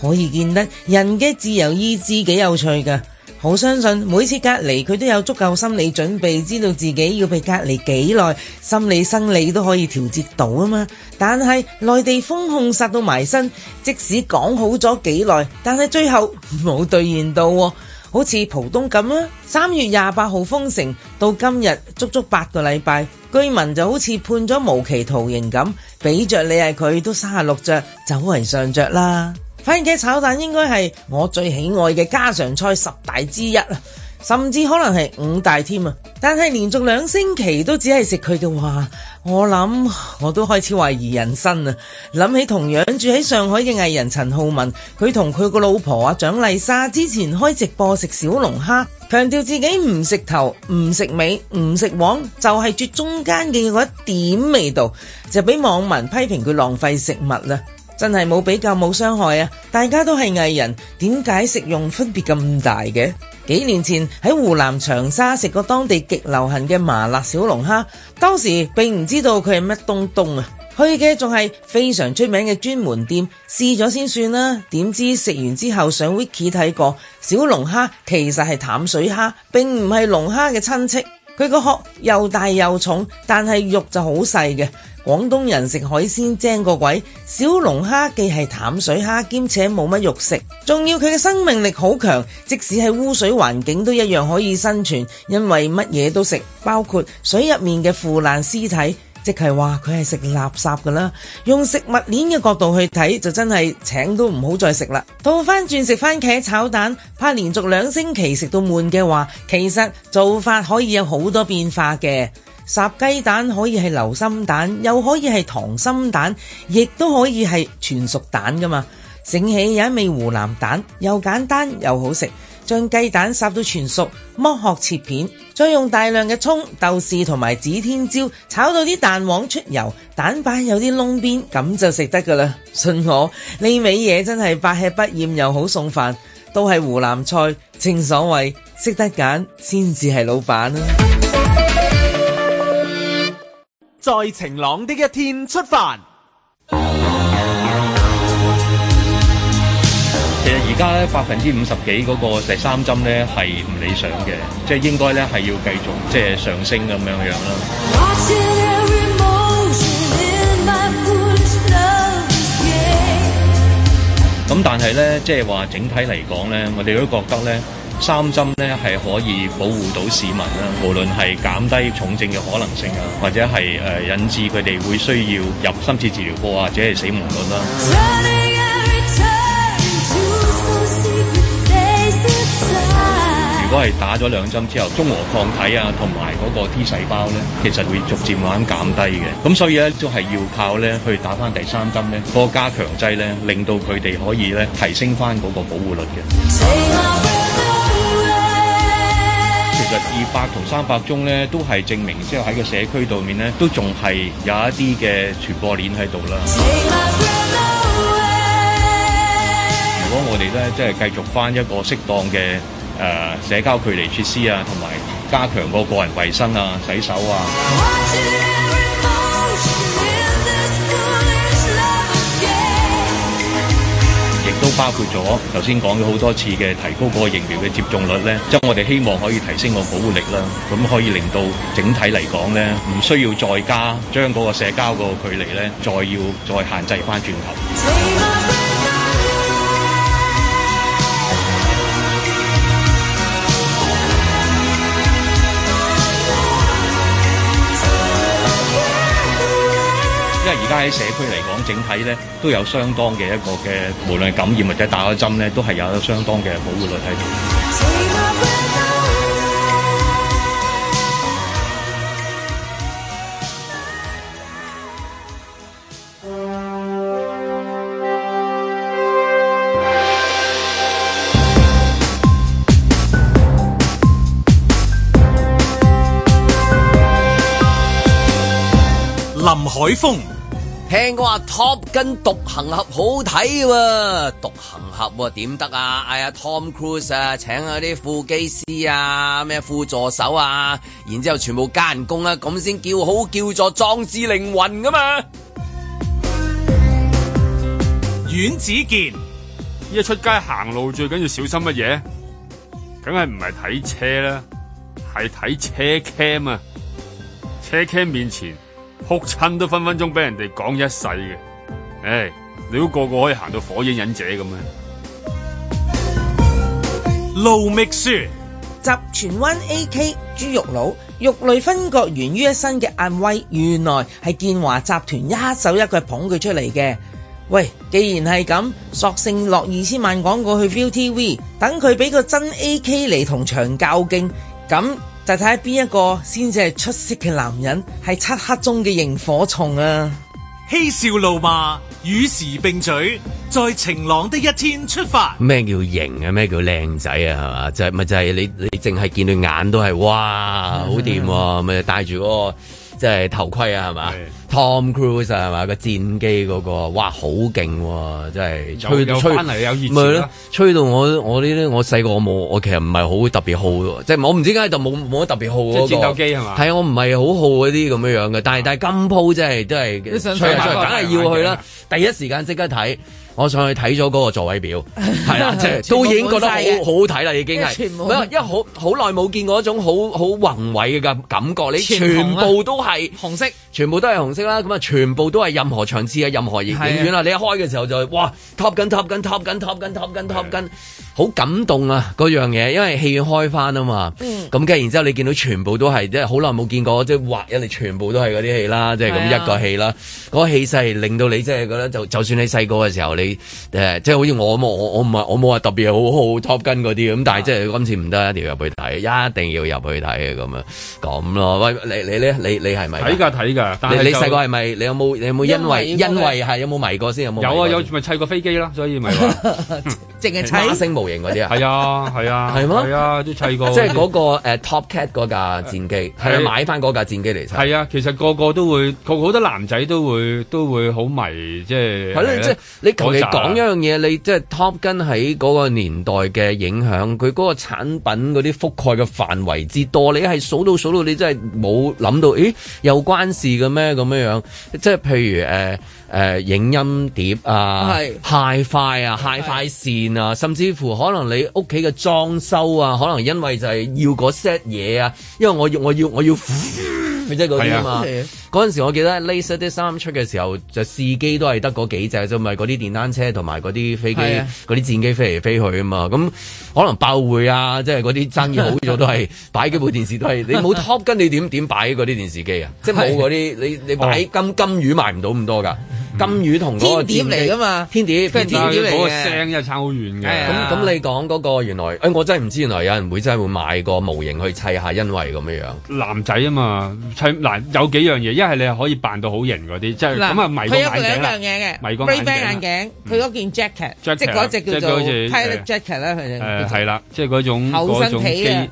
可以見得人嘅自由意志幾有趣㗎～好相信每次隔離佢都有足夠心理準備，知道自己要被隔離幾耐，心理生理都可以調節到啊嘛。但係內地封控殺到埋身，即使講好咗幾耐，但係最後冇兌現到喎，好似浦東咁啊！三月廿八號封城到今日足足八個禮拜，居民就好似判咗無期徒刑咁，俾着你係佢都三十六著，走為上着啦。番茄炒蛋應該係我最喜愛嘅家常菜十大之一啊，甚至可能係五大添啊！但係連續兩星期都只係食佢嘅話，我諗我都開始懷疑人生啊！諗起同樣住喺上海嘅藝人陳浩民，佢同佢個老婆啊蔣麗莎之前開直播食小龍蝦，強調自己唔食頭、唔食尾、唔食黃，就係啜中間嘅嗰一點味道，就俾網民批評佢浪費食物啦。真係冇比較冇傷害啊！大家都係藝人，點解食用分別咁大嘅？幾年前喺湖南長沙食過當地極流行嘅麻辣小龍蝦，當時並唔知道佢係乜東東啊。去嘅仲係非常出名嘅專門店試咗先算啦。點知食完之後上 Wiki 睇過，小龍蝦其實係淡水蝦，並唔係龍蝦嘅親戚。佢個殼又大又重，但係肉就好細嘅。廣東人食海鮮精過鬼，小龍蝦既係淡水蝦，兼且冇乜肉食，仲要佢嘅生命力好強，即使係污水環境都一樣可以生存，因為乜嘢都食，包括水入面嘅腐爛屍體。即係話佢係食垃圾噶啦，用食物鏈嘅角度去睇，就真係請都唔好再食啦。倒翻轉食番茄炒蛋，怕連續兩星期食到悶嘅話，其實做法可以有好多變化嘅。烚雞蛋可以係流心蛋，又可以係溏心蛋，亦都可以係全熟蛋噶嘛。整起有一味湖南蛋，又簡單又好食。將雞蛋烚到全熟，剝殼切片。再用大量嘅蔥、豆豉同埋指天椒炒到啲蛋黃出油，蛋白有啲窿邊，咁就食得噶啦。信我，呢味嘢真係百吃不厭，又好送飯，都係湖南菜。正所謂識得揀，先至係老闆啊。在晴朗的一天出飯。其實而家咧，百分之五十幾嗰個第三針咧係唔理想嘅，即係應該咧係要繼續即係上升咁樣樣啦。咁 但係咧即係話整體嚟講咧，我哋都覺得咧，三針咧係可以保護到市民啦，無論係減低重症嘅可能性啊，或者係誒、呃、引致佢哋會需要入深切治療科或者係死亡率啦。 如果係打咗兩針之後，中和抗體啊，同埋嗰個 T 細胞咧，其實會逐漸慢慢減低嘅。咁所以咧，都係要靠咧去打翻第三針咧，嗰個加強劑咧，令到佢哋可以咧提升翻嗰個保護率嘅。啊、其實二百同三百宗咧，都係證明之後喺個社區度面咧，都仲係有一啲嘅傳播鏈喺度啦。啊、如果我哋咧，即係繼續翻一個適當嘅，誒、uh, 社交距離設施啊，同埋加強個個人衞生啊，洗手啊，亦 都包括咗頭先講咗好多次嘅提高個疫苗嘅接種率咧，即、係、我哋希望可以提升個保護力啦，咁可以令到整體嚟講咧，唔需要再加將嗰個社交個距離咧，再要再限制翻轉頭。而家喺社區嚟講，整體咧都有相當嘅一個嘅，無論係感染或者打咗針咧，都係有相當嘅保護率喺度。林海峰。聽講話 Top 跟獨行俠好睇喎，啊，獨行俠點得啊？哎呀，Tom Cruise 啊，請下啲副機師啊，咩副助手啊，然之後全部加人工啊。咁先叫好叫做壯志凌雲噶嘛？阮子健，依家出街行路最緊要小心乜嘢？梗係唔係睇車啦，係睇車 cam 啊，車 cam 面前。哭親都分分鐘俾人哋講一世嘅。唉、哎，你都個，個個可以行到火影忍者咁咩？路覓說，集荃灣 AK 豬肉佬，肉類分割源於一身嘅暗威，原來係建華集團一手一腳捧佢出嚟嘅。喂，既然係咁，索性落二千萬廣告去 ViuTV，等佢俾個真 AK 嚟同場較勁，咁。就睇下邊一個先至係出色嘅男人，係漆黑中嘅螢火蟲啊！嬉笑怒罵與時並舉，在晴朗的一天出發。咩叫型啊？咩叫靚仔啊？係嘛？就係、是、咪就係、是、你？你淨係見到眼都係哇，好掂喎！咪帶住個。即係頭盔啊，係嘛吧？Tom Cruise 啊，係嘛？個戰機嗰個，哇，好勁啊！真係，有吹吹有關係有熱錢啦，吹到我我呢啲我細個我冇，我其實唔係好特別好，即係、那個、吧我唔知點解就冇冇得特別好嗰個戰鬥機係嘛？係啊，我唔係好好嗰啲咁樣樣嘅，但係吧但係金鋪真係都係，梗係身要去啦！第一時間即刻睇。我上去睇咗嗰個座位表，係啦、 啊，即、就、係、是、都已經覺得好好睇啦，已經係。全部滿曬。唔係，因為好好耐冇見過一種好好宏偉嘅感感覺。你全部都係紅，色紅色，全部都係紅色啦。咁啊，全部都係任何場次啊，任何影影院啦。的你一開嘅時候就哇，Top GunTop GunTop GunTop GunTop GunTop Gun，好感動啊嗰樣嘢，因為戲院開返啊嘛。咁跟住然之後，你見到全部都係即係好耐冇見過，即係畫一嚟全部都係嗰啲戲啦，即係咁一個戲啦。嗰個氣勢令到你即係覺得就就算你細個嘅時候你。誒，即係好似我冇，我我唔係，我冇話特別好好 top 跟嗰啲咁但係即係今次唔得，一定要入去睇，一定要入去睇嘅，咁啊，咁咯。喂，你你你你你係咪睇噶睇噶？你細個係咪？你有冇你有冇因為因為係有冇迷過先有冇？有啊有，咪砌過飛機啦，所以咪淨係砌模型嗰啲啊。係啊係啊係咩？係啊砌過。即係嗰個誒 Top Cat 嗰架戰機，係啊買翻嗰架戰機嚟砌。係啊，其實個個都會，個個好多男仔都會都會好迷，即係係即係你你講一樣嘢，你即係 top 跟喺嗰個年代嘅影響，佢嗰個產品嗰啲覆蓋嘅範圍之多，你係數到數到，你真係冇諗到，咦？有關事嘅咩咁樣樣？即係譬如誒誒、呃呃，影音碟啊 h i f 啊 h i 線啊，甚至乎可能你屋企嘅裝修啊，可能因為就係要嗰 set 嘢啊，因為我要我要我要。 即係嗰啲啊嘛，嗰陣、啊、時我記得 Laser 啲衫出嘅時候，就試機都係得嗰幾隻啫，嘛，嗰啲電單車同埋嗰啲飛機、嗰啲、啊、戰機飛嚟飛去啊嘛。咁可能爆會啊，即係嗰啲生意好咗都係 擺幾部電視都係，你冇 Top 跟你點點擺嗰啲電視機啊？ 即係冇嗰啲，你你擺金金魚賣唔到咁多㗎。金魚同嗰個點嚟㗎嘛？點嚟？但係嗰個聲又差好遠嘅。咁咁你講嗰個原來？誒我真係唔知原來有人會真係會買個模型去砌下，因為咁樣樣男仔啊嘛砌嗱有幾樣嘢，一係你係可以扮到好型嗰啲，即係咁啊迷嗰個眼樣嘢嘅迷嗰個眼鏡佢嗰件 jacket，即嗰隻叫做 pilot jacket 啦。佢哋係啦，即係嗰種後身皮啊，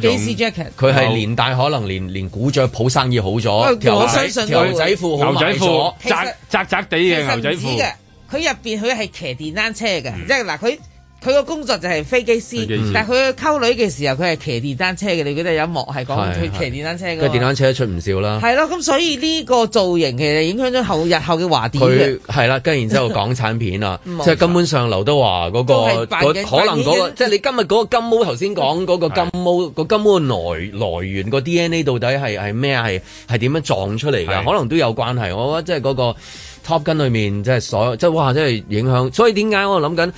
機師嗰佢係連帶可能連連古著鋪生意好咗，我相信條仔褲好賣窄窄哋嘅牛仔褲嘅，佢入邊，佢係騎電單車嘅，嗯、即係嗱佢。佢個工作就係飛機師，但係佢去溝女嘅時候，佢係騎電單車嘅。你覺得有一幕係講佢騎電單車嘅？即係電單車出唔少啦。係咯，咁所以呢個造型其實影響咗後日後嘅華電。佢係啦，跟然之後港產片啊，即係根本上劉德華嗰個可能嗰個，即係你今日嗰個金毛頭先講嗰個金毛個金毛來來源個 D N A 到底係係咩啊？係係點樣撞出嚟嘅？可能都有關係。我覺得即係嗰個 Top Gun 裏面即係所即係哇，即係影響。所以點解我諗緊？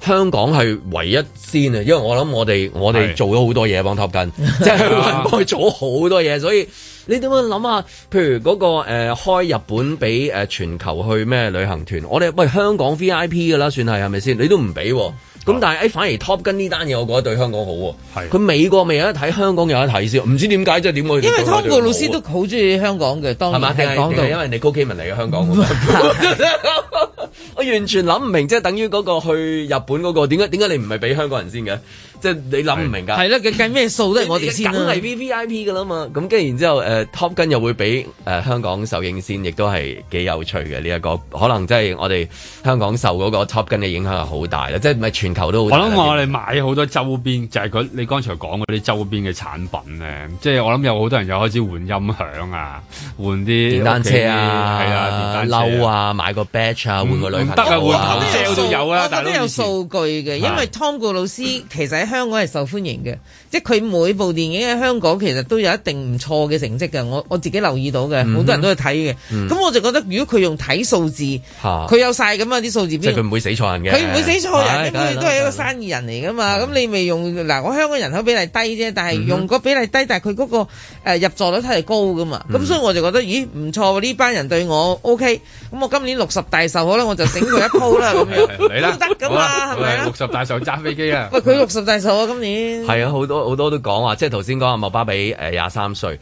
香港係唯一先啊，因為我諗我哋我哋做咗好多嘢幫揼根，即係 香港幫佢做咗好多嘢，所以你點樣諗下？譬如嗰、嗰個誒、呃、開日本俾誒全球去咩旅行團，我哋喂香港 VIP 噶啦，算係係咪先？你都唔俾、啊。咁、嗯、但係誒、欸、反而 Top 跟呢單嘢，我覺得對香港好喎、啊。佢的美國未有得睇，香港有得睇先，唔知點解即係點解？因為湯國老師都好中意香港嘅，當係然講到，為因為你高基民嚟嘅香港，我完全諗唔明，即係等於嗰個去日本嗰、那個點解點解你唔係俾香港人先嘅？即係你諗唔明㗎，係啦，佢計咩數都係我哋先梗、啊、係 V v I P 㗎啦嘛。咁跟住然之後，誒、uh, Top 跟又會比誒、uh, 香港首映先，亦都係幾有趣嘅呢一個。可能真係我哋香港受嗰個 Top 跟嘅影響係好大啦。即係唔係全球都好？我諗我哋買好多周邊，就係、是、佢你剛才講嗰啲周邊嘅產品咧。即係我諗有好多人又開始換音響啊，換啲、OK、電單車啊，係啊、嗯，電單車啊，啊買個 Batch 啊，換個女唔得啊，換、嗯、頭遮都有啦。我都有，有、啊、有數據嘅，因為湯顧老師其實香港係受歡迎嘅。即佢每部電影喺香港其實都有一定唔錯嘅成績嘅，我我自己留意到嘅，好多人都去睇嘅。咁我就覺得，如果佢用睇數字，佢有晒咁啊啲數字，即佢唔會死錯人嘅。佢唔會死錯人，佢都係一個生意人嚟噶嘛。咁你咪用嗱，我香港人口比例低啫，但係用個比例低，但係佢嗰個入座率係高噶嘛。咁所以我就覺得，咦唔錯，呢班人對我 OK。咁我今年六十大壽，可能我就整佢一鋪啦。嚟啦，得噶嘛，係咪啊？六十大壽揸飛機啊！喂，佢六十大壽啊，今年係啊，好多。好多都講話，即係頭先講阿穆巴比誒廿三歲，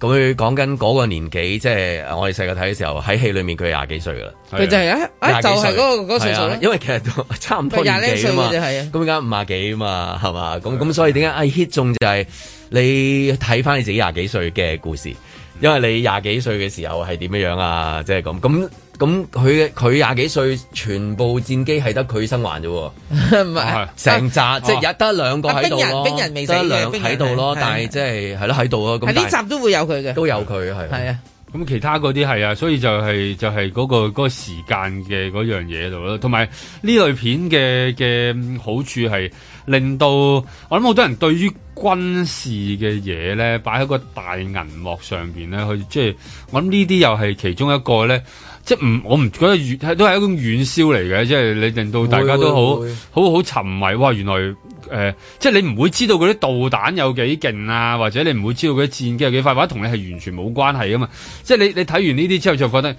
咁佢講緊嗰個年紀，即、就、係、係、我哋細個睇嘅時候喺戲裏面佢係廿幾歲噶啦，跟住就係啊，就係嗰、嗰個嗰歲、嗰個、數咧、啊，因為其實都差唔多廿零歲啊幾嘛，係啊，咁而家五廿幾啊嘛，係嘛，咁咁所以點解、哎、hit 中就係、係、你睇返你自己廿幾歲嘅故事，因為你廿幾歲嘅時候係點樣樣啊，即係咁咁。咁佢佢廿幾歲，全部戰機係得佢生還啫喎，唔係成集，即係得兩個喺度咯，得兩兵喺度咯，但係即係係咯喺度啊。咁呢集都會有佢嘅，都有佢係係啊。咁其他嗰啲係啊，所以就係就係嗰個嗰個時間嘅嗰樣嘢度咯。同埋呢類片嘅嘅好處係令到我諗好多人對於軍事嘅嘢咧，擺喺個大銀幕上邊咧，去即係我諗呢啲又係其中一個咧。即係唔，我唔覺得都係一種軟銷嚟嘅，即係你令到大家都好，好好 沉迷。哇！原來誒、呃，即係你唔會知，知道嗰啲導彈有幾勁啊，或者你唔會知道嗰啲戰機有幾快，或者同你係完全冇關係噶嘛。即係你你睇完呢啲之後，就覺得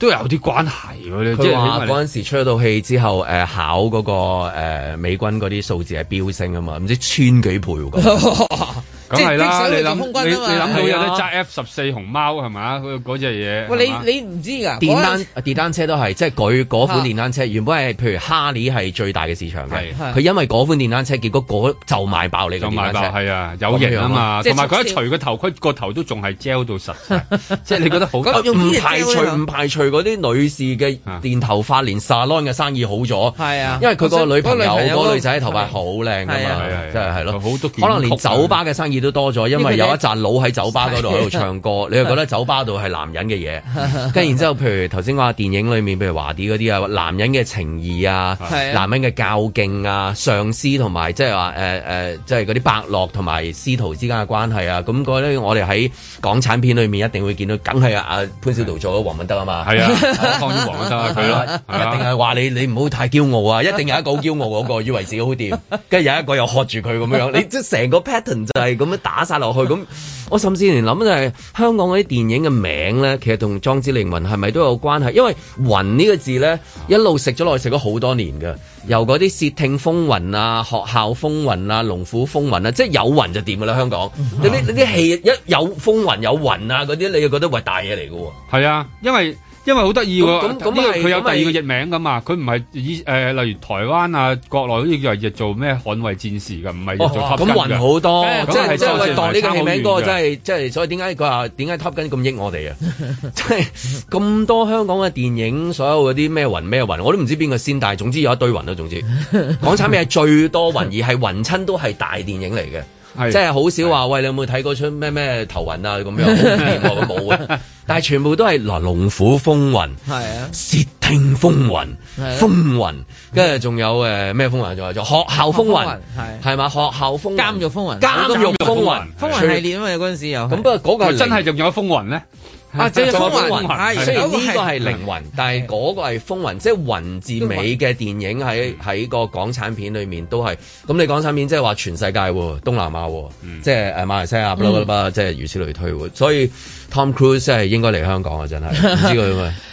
都有啲關係。佢話嗰陣時出咗套戲之後，誒、呃、考嗰、嗰個、呃、美軍嗰啲數字係飆升啊嘛，唔知千幾倍 咁係啦，你想你諗，你諗佢有得揸 F 十四熊貓係嘛？佢嗰隻嘢。喂，你你唔知㗎？電單啊，電單車都係，即係佢嗰款電單車原本係，譬如哈利係最大嘅市場嘅。佢因為嗰款電單車，結果嗰就賣爆你咁樣。賣爆係啊，有型啊嘛！同埋佢一除個頭盔，個頭都仲係 gel 到實嘅。即係你覺得好。咁唔排除唔排除嗰啲女士嘅電頭髮、連 salon 嘅生意好咗？係啊，因為佢個女朋友、嗰個女仔頭髮好靚㗎嘛，真係係咯。可能連酒吧嘅生意。都多咗，因為有一扎佬喺酒吧嗰度喺度唱歌，你又覺得酒吧度係男人嘅嘢。跟住之後，譬如頭先講下電影裏面，譬如華 Dee 嗰啲啊，男人嘅情義啊，男人嘅較勁啊，上司同埋即係話誒誒，即係嗰啲伯樂同埋司徒之間嘅關係啊。咁覺得我哋喺港產片裏面一定會見到，梗係阿潘小桃做咗黃文德啊嘛。係啊，放於黃文德係佢啦。一定係話你你唔好太驕傲啊！一定有一個好驕傲嗰個以為自己好掂，跟住有一個又喝住佢咁樣。你即係成個 pattern 就係。咁樣打晒落去，咁我甚至連諗就係香港嗰啲電影嘅名咧，其實同《壯志凌雲》係咪都有關係？因為雲呢個字咧，一路食咗落去食咗好多年㗎，由嗰啲《竊聽風雲》啊，《學校風雲》啊，《龍虎風雲》啊，即係有雲就掂㗎啦。香港，你啲你啲戲一有風雲，有雲啊，嗰啲你就覺得係大嘢嚟㗎喎。係啊， 因為。因為好得意喎，因為佢有第二個譯名噶嘛，佢唔係以誒，例如台灣啊，國內好叫係做咩捍衛戰士噶，唔係做 Top Gun 㗎。咁雲好多，即係即係代呢個戲名歌，真係真係，所以點解佢話點解 Top Gun 咁益我哋啊？即係咁多香港嘅電影，所有嗰啲咩雲咩雲，我都唔知邊個先，但係總之有一堆雲啊。總之港產咩係最多雲，而係雲親都係大電影嚟嘅。係，即係好少話喂，你有冇睇過出咩咩頭暈啊咁樣，好冇啊，但係全部都係《龍虎風雲》，係啊，《竊聽風雲》，風雲，跟住仲有誒咩風雲，仲有仲學校風雲，係係嘛，學校風，監獄風雲，監獄風雲，風雲系列啊嘛，嗰陣時又咁不過嗰個真係仲有風雲咧。 啊！即、就、係、是、風雲，雖然呢個係靈魂，的但係嗰個係風雲，的即係雲字尾嘅電影喺喺個港產片裏面都係。咁你港產片即係話全世界，東南亞，嗯、即係誒馬來西亞啦嗰啲啦，即係如此類推。所以 Tom Cruise 真係應該嚟香港啊！真係，唔知佢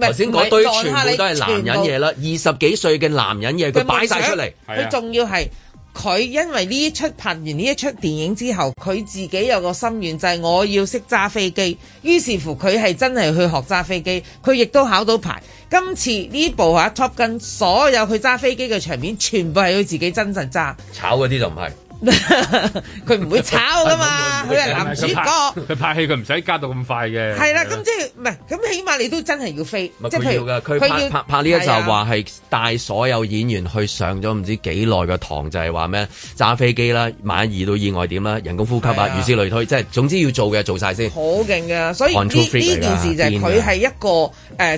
頭先嗰堆全部都係男人嘢啦，部二十幾歲嘅男人嘢，佢擺晒出嚟，佢仲要係佢因為呢一出拍完呢一出電影之後，佢自己有個心願就係、是、我要識揸飛機，於是乎佢係真係去學揸飛機，佢亦都考到牌。今次呢部吓、啊、Top Gun 所有佢揸飛機嘅場面，全部係佢自己真實揸。炒嗰啲就唔係。佢唔會炒㗎嘛，佢係男主角。佢拍戲佢唔使加到咁快嘅。係啦，咁即係唔係咁？起碼你都真係要飛。即係佢要佢拍拍呢一集話係帶所有演員去上咗唔知幾耐嘅堂，就係話咩？揸飛機啦，萬一遇到意外點啦，人工呼吸啊，如此類推，即係總之要做嘅做晒先。好勁㗎，所以呢件事就係佢係一個誒，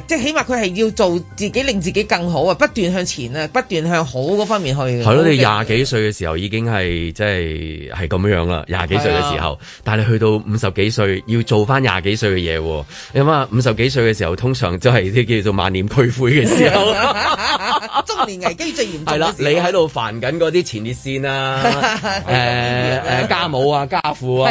即係起碼佢係要做自己，令自己更好啊，不斷向前啊，不斷向好嗰方面去。係咯，你廿幾歲嘅時候已經係。即係係咁樣樣啦，廿幾歲嘅時候，但係你去到五十幾歲要做翻廿幾歲嘅嘢，你諗下五十幾歲嘅時候，通常都係叫做萬念俱灰嘅時候，中年危機最嚴重。係啦，你喺度煩緊嗰啲前列腺啊，誒誒家母啊家父啊，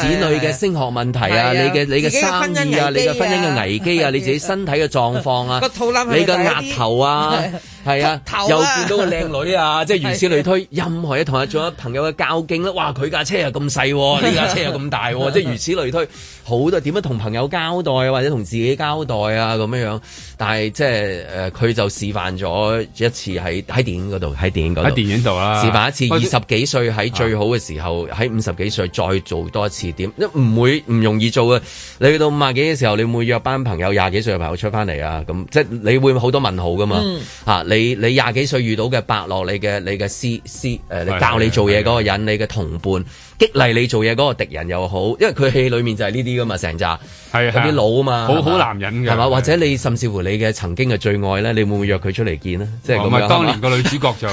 子女嘅升學問題啊，你嘅你嘅生意啊，你嘅婚姻嘅危機啊，你自己身體嘅狀況啊，個肚腩，你嘅額頭啊。係啊，又見到個靚女啊，即係、 啊、如此類推。任何一同啊，做朋友嘅交勁啦，哇！佢架車又咁細，呢架車又咁大，啊，即係 如此類推。好多點樣同朋友交代啊，或者同自己交代啊咁樣樣。但係即係誒，佢、呃、就示範咗一次喺喺電影嗰度，喺電影度喺電影度啦，示範一次二十幾歲喺最好嘅時候，喺五十幾歲再做多一次點，唔會唔容易做嘅。你去到五廿幾嘅時候，你會約班朋友廿幾歲嘅朋友出翻嚟啊，咁即係你會好多問號噶嘛，嚇、啊啊你你廿幾歲遇到嘅伯樂，你嘅你嘅師師誒，你教你做嘢嗰個人，你嘅同伴。激勵你做嘢嗰個敵人又好，因為佢戲裏面就係呢啲噶嘛，成紮係啲老啊嘛，好好男人嘅係嘛？或者你甚至乎你嘅曾經嘅最愛咧，你會唔會約佢出嚟見呢？即係咁樣。當年個女主角就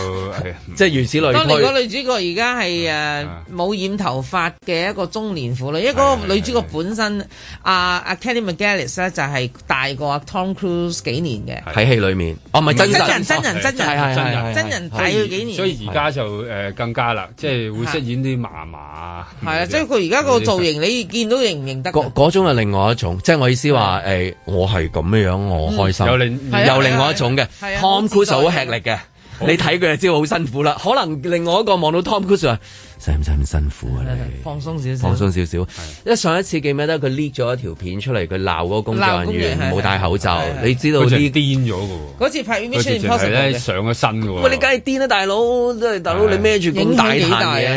即係如此類推。當年個女主角而家係誒冇染頭髮嘅一個中年婦女，因為嗰個女主角本身阿阿 Kelly McGillis 咧就係大過 Tom Cruise 幾年嘅喺戲裏面。哦，唔係真人真人真人真人真人大佢幾年，所以而家就誒更加啦，即係會飾演啲嫲嫲。啊，係啊，嗯、即係佢而家個造型，你見到認唔認得？嗰種係另外一種，即係我意思話，誒的、哎，我係咁樣樣，我開心。嗯、有另有另外一種嘅 Tom Cruise 好、so、的吃力嘅，的你睇佢就知道好辛苦啦。可能另外一個望到 Tom Cruise、so。啊。使唔使咁辛苦啊？放鬆少少，放鬆少少。一上一次記唔記得佢 leak 咗一條片出嚟，佢鬧嗰個工作人員冇戴口罩。你知道佢癲咗嘅喎。嗰次拍完上咗身嘅喎。喂，你梗係癲啦，大佬！即係大佬你孭住咁大嘅，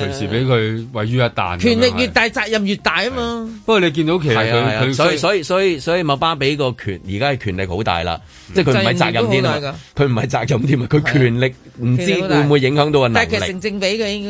隨時俾佢毀於一旦。權力越大，責任越大啊嘛。不過你見到其實佢所以所以所以所以麥巴比個權而家係權力好大啦，即係佢唔係責任添啊。佢唔係責任添啊，佢權力唔知會唔會影響到個能力。但係其實成正比嘅應該。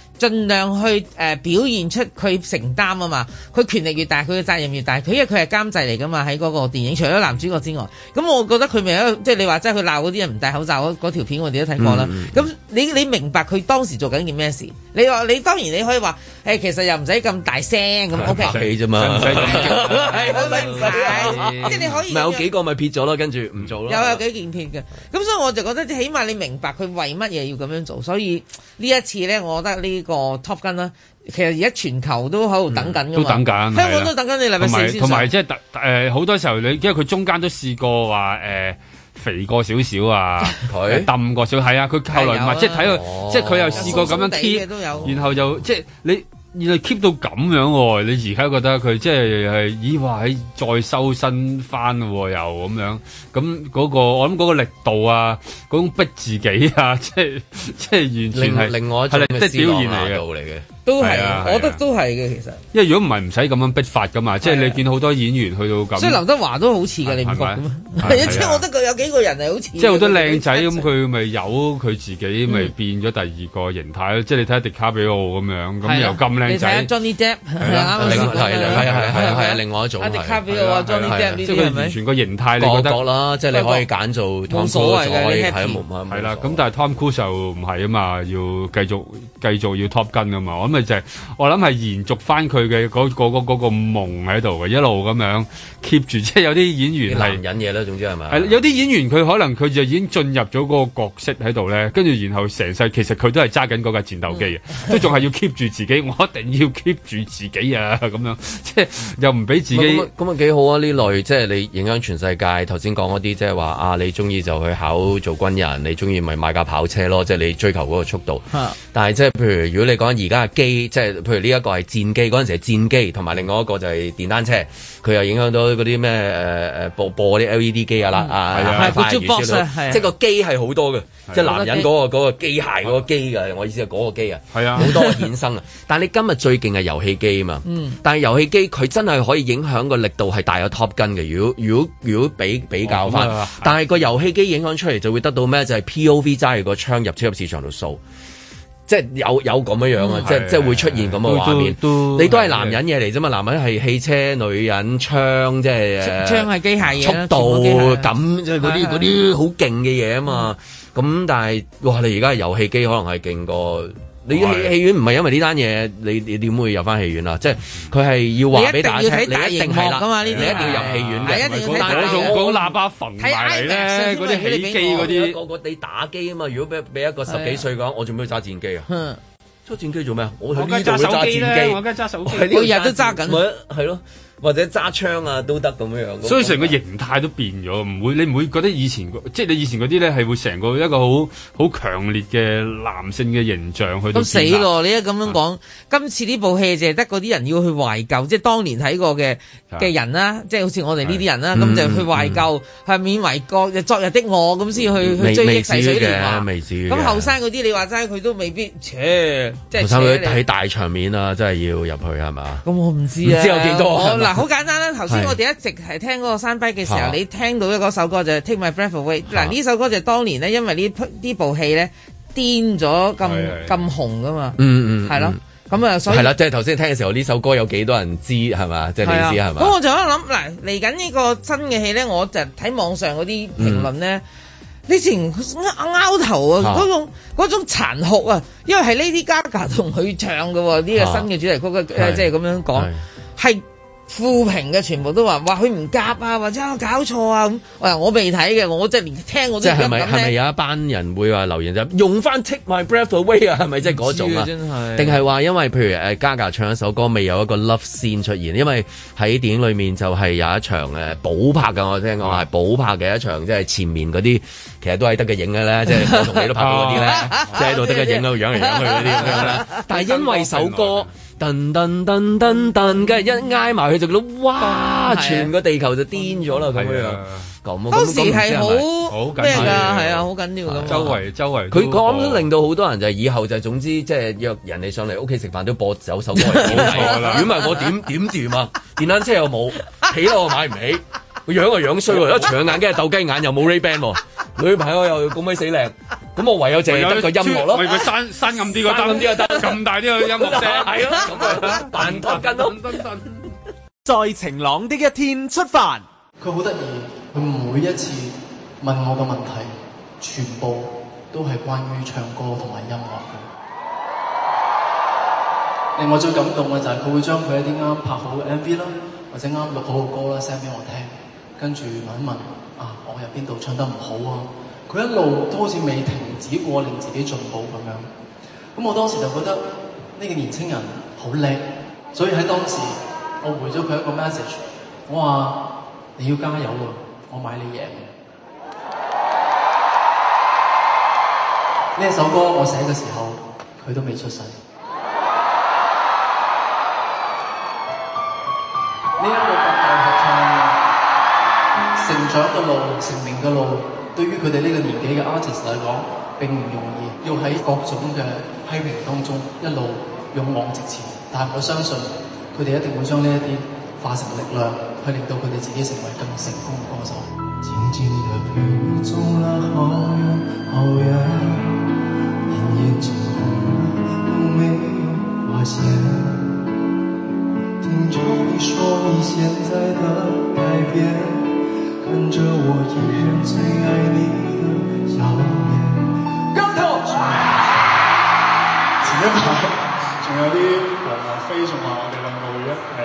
盡量去誒、呃、表現出佢承擔啊嘛，佢權力越大，佢嘅責任越大。佢因為佢係監製嚟㗎嘛，喺嗰個電影除咗男主角之外，咁我覺得佢未有即係你話即係佢鬧嗰啲人唔戴口罩嗰條片我，我哋都睇過啦。咁、嗯、你你明白佢當時做緊件咩事？你話你，你當然你可以話誒、欸，其實又唔使咁大聲咁，OK，啫嘛，唔使唔使，即係你可以。咪有幾個咪撇咗咯，跟住唔做咯。有有幾件撇嘅，咁所以我就覺得，起碼你明白佢為乜嘢要咁樣做。所以呢一次咧，我覺得呢、呢個。個 top 筋啦，其實而家全球都喺度等緊㗎嘛，嗯都等緊啊、香港都等緊。你禮拜四先咪？同埋即係誒好多時候你，因為佢中間都試過話誒、呃、肥過少少啊，佢掟 他、呃、過少，係啊，佢後來咪即係睇佢，哦、即係佢又試過咁樣 t、哦、然後就，即係你。你 keep 到咁樣喎、哦，你而家覺得佢即係係，咦哇喺再收身返喎、哦、又咁樣，咁嗰、嗰個我諗嗰個力度啊，嗰種逼自己啊，即係即係完全係另外一種嘅表現嚟嘅。都係啊，我覺得都係嘅，其實。因為如果唔係唔使咁樣逼發噶嘛，即係你見好多演員去到咁。即係劉德華都好似嘅，你唔覺噶咩？即係我覺得佢有幾個人係好似。即係好多靚仔咁，佢咪有佢自己咪變咗第二個形態咯。即係你睇下迪卡比奧咁樣，咁又咁靚仔。Johnny Depp，係啱另外一種。卡比奧即係佢完全個形態嚟講啦，即係你可以揀做。冇所謂嘅，係啦，咁但係 Tom Cruise 就唔係啊嘛，要繼續繼續要 top 跟噶嘛。咁咪就係、是，我諗係延續翻佢嘅嗰個嗰夢喺度嘅，一路咁樣 keep 住，即係有啲演員係引嘢咯。總之係咪？誒，有啲演員佢可能佢就已經進入咗嗰個角色喺度咧，跟住然後成世其實佢都係揸緊嗰架戰鬥機嘅， 都仲係要 keep 住自己，我一定要 keep 住自己啊！咁樣，即係 又唔俾自己。咁啊幾好啊！呢類即係你影響全世界。頭先講嗰啲即係話啊，你中意就去考做軍人，你中意咪買架跑車咯。即係你追求嗰個速度。 但係即係譬如如果你講而家。機即係譬如呢一個係戰機，嗰陣時係戰機，同埋另外一個就係電單車，佢又影響到嗰啲咩誒誒播播啲 LED 機啊啦啊，係快如之即係個機係好多嘅，即係男人嗰個嗰個機械嗰個機嘅，我意思係嗰個機啊，係啊，好多衍生啊，但係你今日最勁係遊戲機啊嘛，但係遊戲機佢真係可以影響個力度係大有 Top Gun 嘅，如果如果如果比比較翻，但係個遊戲機影響出嚟就會得到咩就係 P O V 揸住個槍入車入市場度掃。即係有有咁樣樣啊！嗯、即係是即係會出現咁嘅畫面。是都你都係男人嘢嚟啫嘛！男人係汽車、女人槍，即係槍係機械嘢，速度咁即係嗰啲嗰啲好勁嘅嘢啊嘛！咁的但係哇，你而家遊戲機可能係勁過。你戲戲院唔係因為呢單嘢，你你點會入返戲院啊？即係佢係要話俾大家聽，你一定學噶嘛呢啲，你一定要入戲院嘅。講講喇叭鈴埋咧，嗰啲起機嗰啲，個個地打機啊嘛。如果俾俾一個十幾歲嘅，我仲唔去揸戰機啊？揸戰機做咩？我而家揸手機，我而家揸手機，每日都揸緊，係咯。或者揸槍啊都得咁樣樣，所以成個形態都變咗，唔會你唔會覺得以前即係你以前嗰啲咧係會成個一個好好強烈嘅男性嘅形象去都死啦！你一咁樣講，今次呢部戲淨係得嗰啲人要去懷舊，即係當年睇過嘅嘅人啦，即係好似我哋呢啲人啦，咁就去懷舊，係緬懷國昨日的我咁先去去追憶逝水年華。未至於嘅，咁後生嗰啲你話齋佢都未必，即係，後生佢睇大場面啦，真係要入去係嘛？咁我唔知啊，唔知有幾多。好簡單啦，頭先我哋一直係聽嗰個 soundbite 嘅時候，你聽到嘅嗰首歌就 Take My Breath Away。嗱，呢首歌就當年咧，因為呢呢部戲咧癲咗咁咁紅噶嘛，嗯嗯係咯，咁啊所以係啦，即係頭先聽嘅時候，呢首歌有幾多人知係嘛，即係你知係嘛？咁我就喺度諗嗱，嚟緊呢個新嘅戲咧，我就睇網上嗰啲評論咧，以前拗頭啊，嗰種嗰種殘酷啊，因為係 Lady Gaga 同佢唱噶呢個新嘅主題曲嘅，即係咁樣講係。負評嘅全部都話話佢唔夾啊，或者我搞錯啊咁。喂，我未睇嘅，我即係連聽我都覺得咁即係係咪有一班人會話留言就用翻 Take My Breath Away 啊？係咪即係嗰種啊？真係。定係話因為譬如誒 Gaga 唱一首歌未有一個 Love Scene 出現，因為喺電影裏面就係有一場誒補拍嘅。我聽講係補拍嘅一場，即係前面嗰啲其實都係得嘅影嘅咧，即係 我同你都拍到嗰啲咧，即係喺度得嘅影都影嚟影去嗰啲咁樣。但係因為首歌。 噔噔噔噔噔，咁一挨埋佢就到，哇！Yeah 全個地球就癲咗啦咁樣。咁時係好咩啊？係啊，好緊要嘅。周圍周圍，佢講都令到好多人就係、是、以後就係、是、總之即係約人哋上嚟屋企食飯都播首首歌，冇錯啦。點埋 我點點掂啊？電單車又冇，起得我買唔起。樣又樣衰喎，一 長眼鏡又鬥雞眼，又冇 Ray Ban 喎， 女朋友又咁鬼死靚，咁 我唯有淨係得個音樂咯。佢閂閂暗啲，佢閂 暗啲啊！得咁 大啲個音量，係咯，難咁筋咯。在晴朗的一天出發。佢好得意，佢每一次問我個問題，全部都係關於唱歌同埋音樂嘅。令我 最感動嘅就係佢會將佢啲啱拍好嘅 MV 啦，或者啱錄好嘅歌啦，send 俾我聽。跟住問一問啊，我入邊度唱得唔好啊？佢一路都好似未停止過令自己進步咁樣，咁我當時就覺得呢、這個年青人好叻，所以喺當時我回咗佢一個 message，我話你要加油啊，我買你贏。呢一首歌我寫嘅時候佢都未出世。呢個。成長嘅路，成名嘅路，對於佢哋呢個年紀嘅 artist 嚟講，並唔容易，要喺各種嘅批評當中一路勇往直前。但係我相信，佢哋一定會將呢一啲化成力量，去令到佢哋自己成為更成功嘅歌手。靜靜地跟著我依然最愛你的桃笑臉。跟著，前一排，仲有啲黃文飛，仲話我哋兩個會一誒、呃、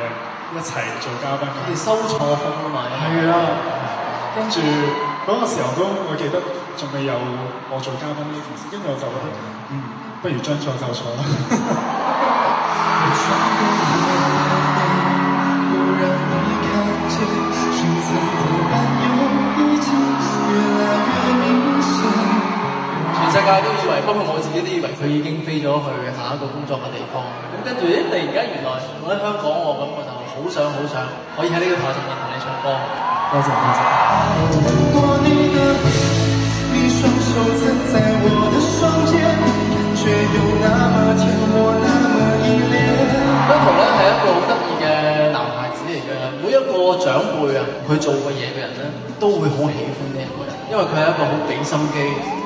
一齊做嘉賓。收錯分咪係啦。跟住，嗰個時候都我記得，仲未有我做嘉賓呢件事。跟住我就覺得，嗯，不如將錯就錯啦。大家都以為，包括我自己都以為佢已經飛咗去下一個工作嘅地方。咁跟住，誒，突然間原來我喺香港喎，咁我就好想好想，想可以喺呢個台上面同你唱歌。多謝多謝。不同咧係一個好得意嘅男孩子嚟嘅，每一個長輩啊，佢做過嘢嘅人咧，都會好喜歡呢一個人，因為佢係一個好俾心機。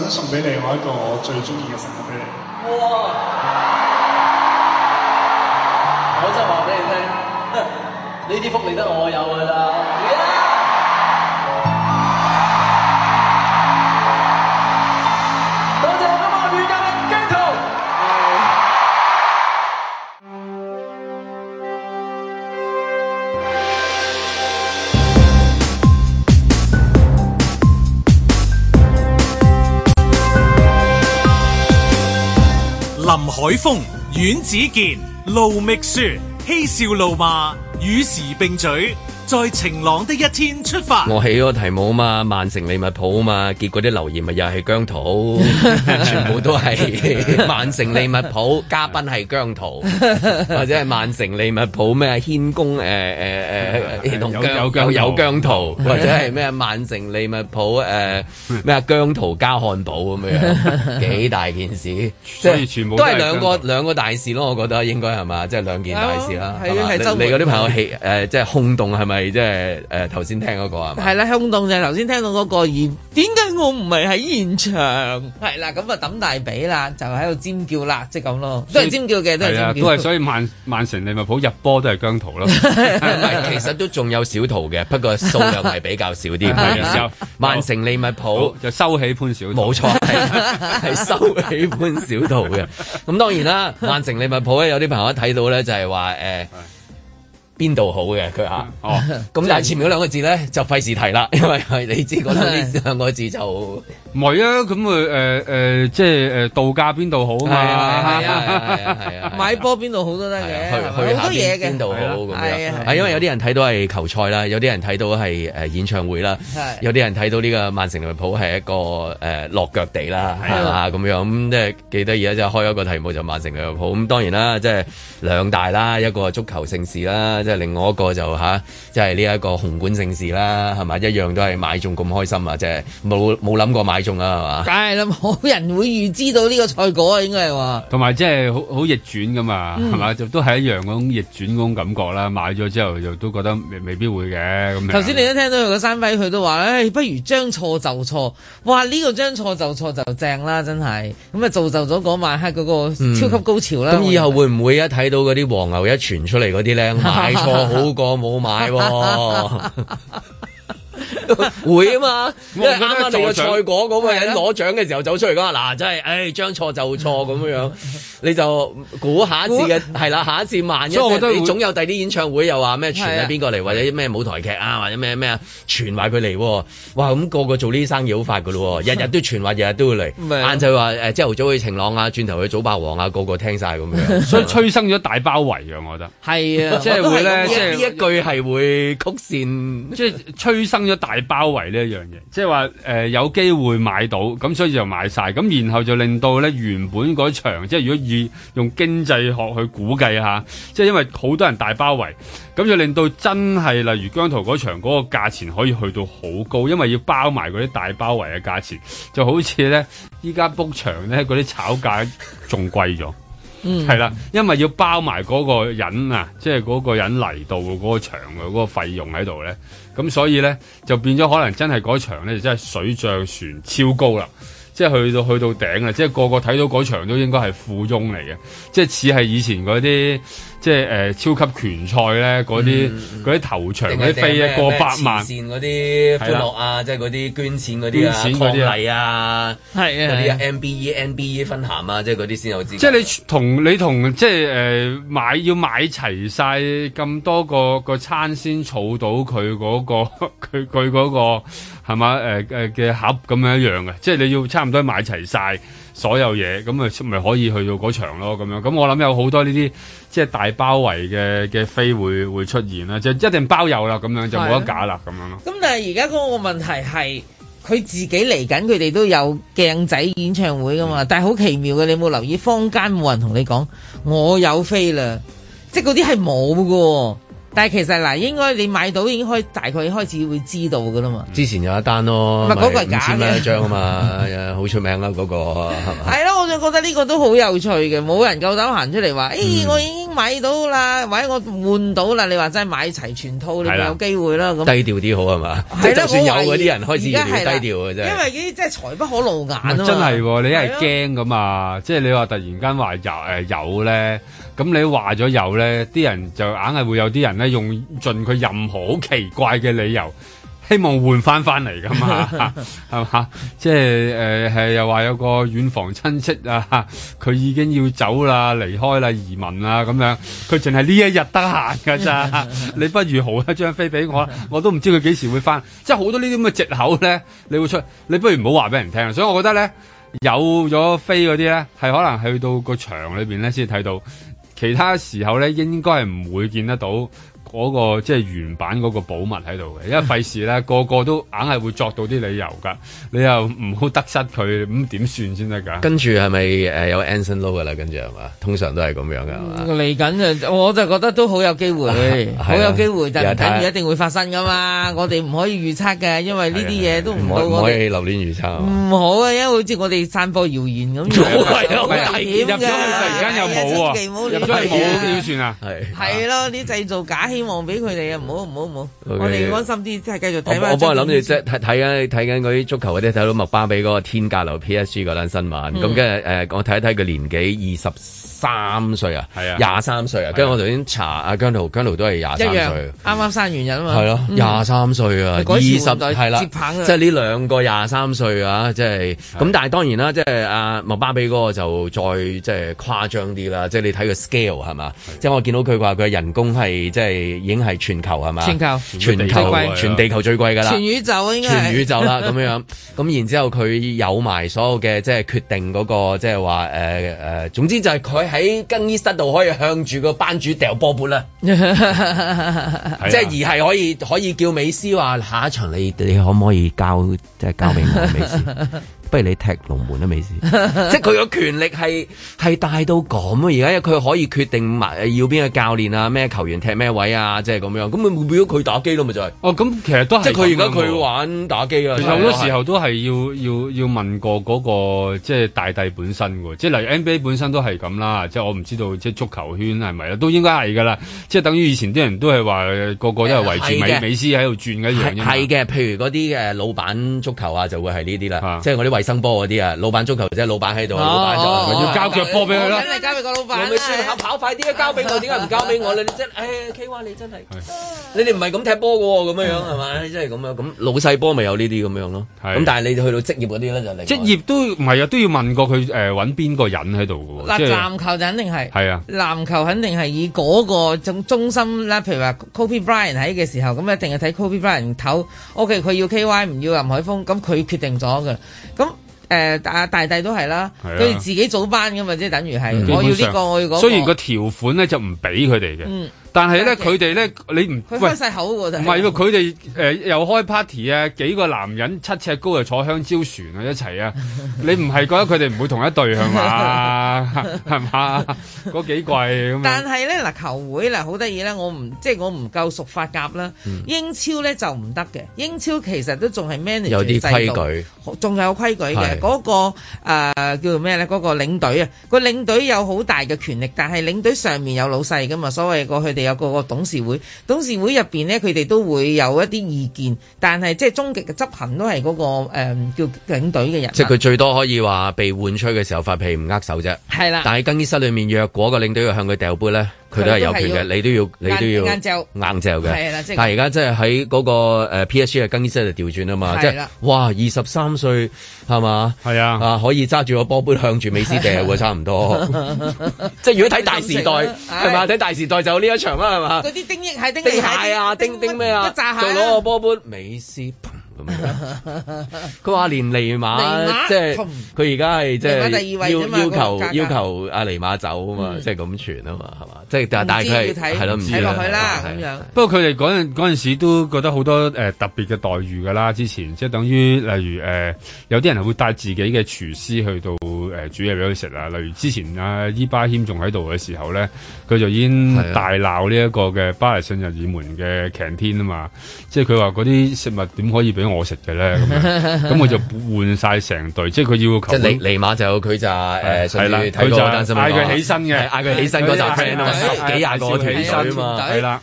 想送俾你，我一個我最中意嘅食物俾你。哇！ 我真係話俾你聽，呢 啲福利得我有㗎啦。Yeah! 海峰、阮子健、盧覓雪，嬉笑怒罵，與時並進。在晴朗的一天出發。我起個題目啊嘛，曼城利物浦啊嘛，結果啲留言咪又係姜濤，全部都係曼城利物浦嘉賓係姜濤，或者係曼城利物浦咩啊？謙公誒誒誒，同姜有姜有姜濤，或者係咩啊？曼城利物浦誒咩啊？姜濤加漢堡咁樣，幾大件事，即係全部都係兩個兩個大事咯。我覺得應該係嘛，即係兩件大事啦。係啊係周，你嗰啲朋友起誒，即係轟動係咪？係即係誒，頭、呃、先聽嗰、那個啊，嘛？係啦，空洞啫。頭先聽到嗰、那個，而點解我唔係喺現場？係啦，咁啊抌大髀、就是、以啦，就喺度尖叫啦，即係咁咯。都係尖叫嘅，都係。係啊，都係。所以曼曼城利物浦入波都係姜濤咯。唔係， 其實都仲有小濤嘅，不過數量係比較少啲。係啊， 曼城、哦、利物浦、哦、就收起潘小冇錯，係收起潘小濤嘅。咁 當然啦，曼城利物浦咧，有啲朋友睇到咧，就係話誒。 邊度好嘅，佢話哦，咁、嗯、但係前面嗰兩個字咧 就費事提啦，因為係你知覺得呢兩個字就。唔係啊，咁佢誒誒即係誒度假邊度好啊嘛，係係啊，啊，啊啊 買波邊度好都得嘅、啊，去，去多好多嘢嘅邊度好咁樣啊，樣啊啊因為有啲人睇到係球賽啦，有啲人睇到係誒演唱會啦，啊、有啲人睇到呢個曼城利物浦係一個誒、呃、落腳地啦，係嘛咁樣咁即係記得而家即係開一個題目就曼城利物浦咁當然啦，即係兩大啦，一個足球盛事啦，即係另外一個就嚇即係呢一個，個紅館盛事啦，係咪一樣都係買中咁開心啊？即係冇冇諗過買。重啦，係嘛？梗係啦，冇、哎、人會預知到呢個賽果啊，應該係話。同埋即係好好逆轉噶嘛，係嘛？ 就都係一樣嗰種逆轉嗰種感覺啦。買咗之後又都覺得未，未必會嘅。頭先你一聽到佢嘅聲威，佢都話：，誒、哎，不如將錯就錯。哇，呢、這個將錯就錯就正啦，真係。咁啊，造就咗嗰晚黑嗰個超級高潮啦。咁、嗯、以後會唔會一睇到嗰啲黃牛一傳出嚟嗰啲咧，買錯好過冇買、啊？ 會啊嘛，因為啱啱菜果咁嘅人攞獎嘅時候走出嚟噶嘛，嗱真係，誒將錯就錯咁樣樣，你就估下一次嘅係啦，下一次萬一我覺得你總有第啲演唱會又話咩傳啊邊個嚟，或者咩舞台劇啊，或者咩咩啊，傳話佢嚟，哇咁個個做呢啲生意好快噶咯，日日都傳話，日日都會嚟，晏就話誒朝頭早去晴朗啊，轉頭去早霸王啊，個個聽晒咁樣，所以催生咗大包圍啊，我覺得係啊，即係會呢一句係會曲線，即係催生。咗大包圍呢一樣嘢，即係話誒有機會買到，咁所以就買晒，咁然後就令到呢原本嗰場，即係如果以用經濟學去估計下，即係因為好多人大包圍，咁就令到真係例如姜濤嗰場嗰個價錢可以去到好高，因為要包埋嗰啲大包圍嘅價錢，就好似呢依家 book 場呢嗰啲炒價仲貴咗，嗯，係啦，因為要包埋嗰個人啊，即係嗰個人嚟到嗰個場嘅嗰個費用喺度呢。咁所以呢，就變咗可能真係嗰場呢，就真係水漲船超高啦，即係去到去到頂啦，即係個個睇到嗰場都應該係富翁嚟嘅，即係似係以前嗰啲。即係誒、呃、超級拳賽咧，嗰啲啲頭場嗰啲飛啊過百萬，線嗰啲歡樂啊，即係嗰啲捐錢嗰啲啊，嗰啲嚟啊，係啊，嗰啲 NBA NBA 分行啊，即係嗰啲先有資。即係你同你同即係誒買要買齊晒咁多個個餐先儲到佢嗰、嗰個佢佢嗰個係嘛誒誒嘅盒咁樣一樣嘅，即係你要差唔多買齊晒。所有嘢咁咪咪可以去到嗰場咯，咁樣咁我諗有好多呢啲即係大包圍嘅嘅飛會會出現啦，就一定包有啦，咁樣就冇得假啦，咁的樣咯。咁但係而家嗰個問題係佢自己嚟緊，佢哋都有鏡仔演唱會噶嘛，嗯、但係好奇妙嘅，你冇留意坊間冇人同你講我有飛啦，即係嗰啲係冇噶。但係其實嗱，應該你買到已經可以大概開始會知道嘅啦嘛。之前有一單咯，唔係是個千蚊一張啊嘛，好出名啦個，係咪？係咯。我就覺得呢個都好有趣嘅，冇人夠膽行出嚟話，誒、嗯哎，我已經買到啦，或者我換到啦。你話真係買齊全套，你就的有機會啦。咁低調啲好係嘛？即的就算有嗰啲人開始要低調嘅啫。因為啲即係財不可露眼。真係、哦，你係驚㗎嘛？的即係你話突然間話有誒有咧，咁你話咗有咧，啲人就硬係會有啲人咧，用盡佢任何好奇怪嘅理由。希望換翻翻嚟噶嘛，係嘛？ 即係誒係又話有個遠房親戚啊，佢已經要走啦，離開啦，移民啦咁樣。佢淨係呢一日得閒噶咋？ 你不如好一張飛俾我， 我都唔知佢幾時會翻。 即係好多呢啲咁嘅藉口咧，你會出，你不如唔好話俾人聽。所以，我覺得咧，有咗飛嗰啲咧，係可能去到個場裏邊咧先睇到，其他時候咧應該係唔會見得到。嗰個即係原版嗰個寶物喺度嘅，因為費事咧個個都硬係會作到啲理由㗎，你又唔好得失佢，咁點算先得㗎？跟住係咪誒有 Anson Lo 㗎啦？跟住係嘛？通常都係咁樣㗎嘛？嚟緊就我就覺得都好有機會，好有機會，但係睇一定會發生㗎嘛？我哋唔可以預測嘅，因為呢啲嘢都唔好。唔可以留戀預測。唔好啊，因為好似我哋散播謠言咁，好危險㗎。入咗嚟而家又冇冇點算啊？係係咯，啲製造假望俾佢哋啊！唔好唔好唔好，我哋安心啲，即係繼續睇翻。我幫佢諗住即係睇睇緊睇緊嗰啲足球嗰啲，睇到麥巴比嗰個天價流 P S G 嗰單新聞。咁跟住誒，我睇一睇佢年紀，二十三歲啊，係啊，廿三歲啊。跟住我頭先查阿姜濤，姜濤都係廿三歲，啱啱生完人啊嘛，係咯，廿三歲啊，二十係啦，接棒。即係呢兩個廿三歲啊，即係咁。但係當然啦，即係阿麥巴比嗰個就再即係誇張啲啦。即係你睇個 scale 係嘛，即係我見到佢話佢人工係即係。已經係全球係嘛？全球全球，全，球貴全地球最貴噶啦，全宇宙應該全宇宙啦咁 樣。咁然之後佢有埋所有嘅即係決定嗰個即係話誒誒，總之就係佢喺更衣室度可以向住個班主掉波缽啦，即係 而係可以可以叫美斯話下一場你你可唔可以交即係交俾美斯？ 不如你踢龍門都未試，Bei is, 即係佢個權力係係大到咁啊！而家佢可以決定埋要邊個教練啊、咩球員踢咩位啊，即係咁樣。咁咪冇變咗佢打機咯、啊，咪就係、是。哦，咁、嗯、其實都係，即係佢而家佢玩打機啊。其實好多時候都係要要要問過嗰、那個即係大帝本身嘅，即係例如 NBA 本身都係咁啦。即係我唔知道，即係足球圈係咪啊？都應該係㗎啦。即係等於以前啲人都係話個個都係圍住美、呃、美斯喺度轉嘅一樣。係嘅，譬如嗰啲嘅老闆足球啊，就會係呢啲啦，的即係我哋生波嗰啲啊，老闆足球即係老闆喺度，老闆就要交腳波俾佢啦。交俾個老闆啦。咪算跑快啲啊！交俾我，點解唔交俾我咧？你真誒 KY，你真係。你哋唔係咁踢波嘅喎，咁樣樣係咪？你真係咁樣。咁老細波咪有呢啲咁樣咯。係。咁但係你去到職業嗰啲咧就另。職業都唔係啊，都要問過佢誒揾邊個人喺度嘅喎。嗱籃球就肯定係。係啊。籃球肯定係以嗰個種中心啦，譬如話 Kobe Bryant 喺嘅時候，咁一定係睇 Kobe Bryant 投。OK，佢要 KY 唔要林海峰，咁佢決定咗嘅。咁誒，大弟、呃、弟都係啦，佢哋、啊、自己組班㗎嘛，即係等於係，我要呢、這個，我要嗰、那個。雖然個條款咧就唔俾佢哋嘅。嗯。但係咧，佢哋咧，你唔喂，唔係喎，佢哋誒又開 party 啊，幾個男人七尺高就坐香蕉船啊一齊啊，你唔係覺得佢哋唔會同一隊係嘛？係嘛嗰幾季咁？但係咧嗱球會嗱好得意咧，我唔即係我唔夠熟法甲啦，英超咧就唔得嘅，英超其實都仲係 manage 有啲規矩，仲有規矩嘅嗰個誒叫做咩咧？嗰個領隊啊，個領隊有好大嘅權力，但係領隊上面有老細噶嘛，所謂過佢哋。有個個董事會，董事會入邊呢，佢哋都會有一啲意見，但係即係終極嘅執行都係嗰個、呃、叫領隊嘅人。即係佢最多可以話被換出嘅時候發脾唔握手啫。係啦的，但係更衣室裏面若果個領隊要向佢掉杯咧，佢都係有權嘅，你都要，你都要硬硬照嘅。但係而家即係喺嗰個 P.S.G 嘅更衣室度調轉啊嘛，即係哇二十三歲係嘛？係啊啊可以揸住個波杯向住美斯掟喎，差唔多。即係如果睇大時代係嘛？睇大時代就呢一場啦係嘛。嗰啲丁益係丁係啊，丁丁咩啊，仲攞個波杯美斯。咁佢話連尼馬即係佢而家係即係要要求要求阿尼馬走啊嘛，即係咁傳啊嘛，係嘛？即係但係佢係睇落去啦咁樣。不過佢哋嗰陣嗰陣時都覺得好多誒特別嘅待遇噶啦。之前即係等於例如誒有啲人係會帶自己嘅廚師去到誒煮嘢俾佢食啊。例如之前阿伊巴謙仲喺度嘅時候咧，佢就已經大鬧呢一個嘅巴黎聖日耳門嘅 canteen 啊嘛。即係佢話嗰啲食物點可以俾？畀我食嘅咧，咁咁我就換晒成隊，即係佢要求。即係你尼馬就佢就誒，上次睇但嗌佢起身嘅，嗌佢起身，個集有十幾廿個起身啊嘛，係啦。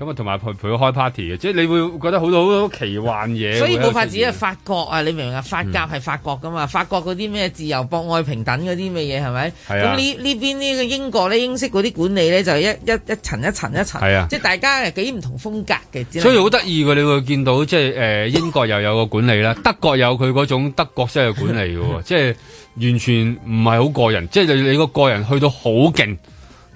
咁啊，同埋陪陪佢開 party 嘅，即係你會覺得好多好多奇幻嘢。所以冇法子啊，法國啊，你明唔明啊？法甲係法國噶嘛，法國嗰啲咩自由、博愛、平等嗰啲咩嘢係咪？咁呢呢邊呢個英國咧，英式嗰啲管理咧就一一一層一層一層，啊、即係大家幾唔同風格嘅。所以好得意嘅，你會見到即係誒、呃、英國又有個管理啦，德國有佢嗰種德國式嘅管理喎， 即係完全唔係好個人，即係你你個個人去到好勁。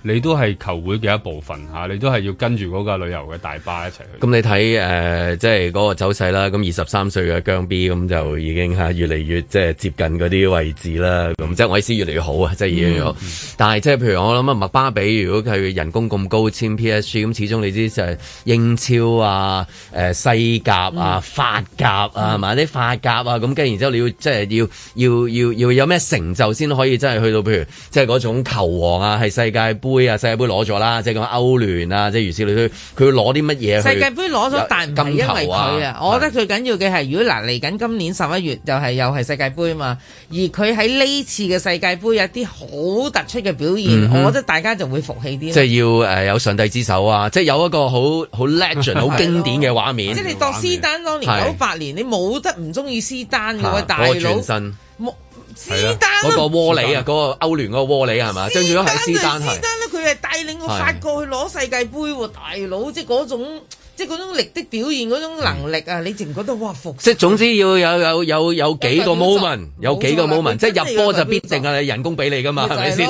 你都係球會嘅一部分嚇、啊，你都係要跟住嗰個旅遊嘅大巴一齊去。咁、嗯、你睇誒、呃，即係嗰個走勢啦。咁二十三歲嘅姜 B 咁、嗯、就已經嚇越嚟越即係接近嗰啲位置啦。咁、嗯嗯、即係韋斯越嚟越好啊，即係越，越、嗯、但係即係譬如我諗啊，麥巴比如果佢人工咁高簽 P S G，咁始終你知就係英超啊、誒、呃、西甲啊、法甲啊，埋啲、嗯、法甲啊，咁、嗯、跟然之後你要即係要要要要，要有咩成就先可以真係去到譬如即係嗰種球王啊，係世界盃。盃啊，世界盃攞咗啦，即係咁歐聯啊，即係如此類推，佢會攞啲乜嘢？世界盃攞咗，但唔係因為佢啊，的我覺得最緊要嘅係，如果嗱嚟緊今年十一月就係又係世界盃啊嘛，而佢喺呢次嘅世界盃有啲好突出嘅表現，嗯、哼我覺得大家就會服氣啲。即係要誒有上帝之手啊，即係有一個好好 legend 好經典嘅畫面。 的即係你當斯丹當年九八年，的你冇得唔中意斯丹嘅大佬。施丹嗰個窩利啊，嗰個歐聯嗰個窩利係嘛？跟住咗喺施丹，施丹咧佢係帶領個法國去攞世界盃喎，大佬即係嗰種。即係嗰種力的表現，嗰種能力啊！你淨覺得哇服！即係總之要有有有有幾個 moment，有幾個 moment，即係入波就必定啊！人工俾你㗎嘛，係咪先？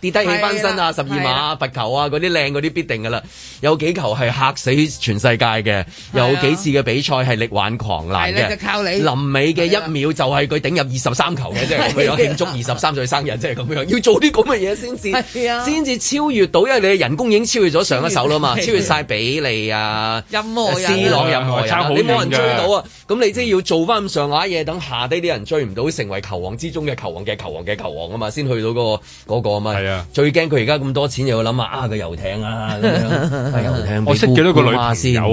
跌低起翻身啊！十二碼罰球啊！嗰啲靚嗰啲必定㗎啦！有幾球係嚇死全世界嘅，有幾次嘅比賽係力挽狂瀾嘅。就靠你。臨尾嘅一秒就係佢頂入二十三球嘅，即係為咗慶祝二十三歲生日，即係咁樣。要做啲咁嘅嘢先至，先至超越到，因為你人工已經超越咗上一手啦嘛，超越晒俾你啊！啊！音樂人、C 朗音樂人，你冇人追到啊！咁你即係要做翻咁上下嘢，等下低啲人追唔到，成為球王之中嘅球王嘅球王嘅球王啊嘛，先去到嗰個嗰個啊嘛。係啊！最驚佢而家咁多錢，又要諗下啊個遊艇啊咁樣，遊艇。我識幾多個女？有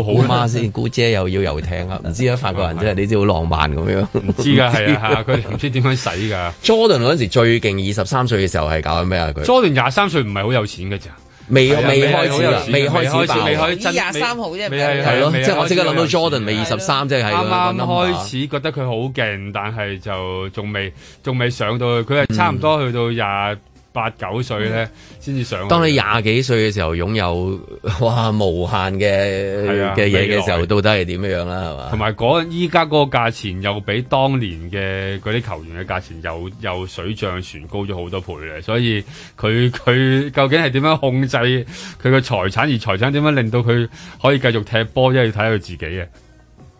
好啦。姑媽先，姑姐又要遊艇啊！唔知啊，法國人真係你知好浪漫咁樣。唔知㗎，係啊嚇，佢唔知點樣使㗎。Jordan 嗰陣時最勁，二十三歲嘅時候係搞緊咩啊？佢 Jordan 廿三歲唔係好有錢㗎咋。未未開始啦，未開始未打，呢廿三號啫，係咯，即係我即刻諗到 Jordan 未二十三，即係啱啱開始覺得佢好勁，但係就仲未仲未上到去。佢係差唔多去到廿，八九歲咧先至上，當你廿幾歲嘅時候擁有哇無限嘅嘅嘢嘅時候，到底係點樣樣啦？係嘛、嗯？同埋嗰依家嗰個價錢又比當年嘅嗰啲球員嘅價錢又又水漲船高咗好多倍咧，所以佢佢究竟係點樣控制佢嘅財產，而財產點樣令到佢可以繼續踢波，一係睇佢自己嘅。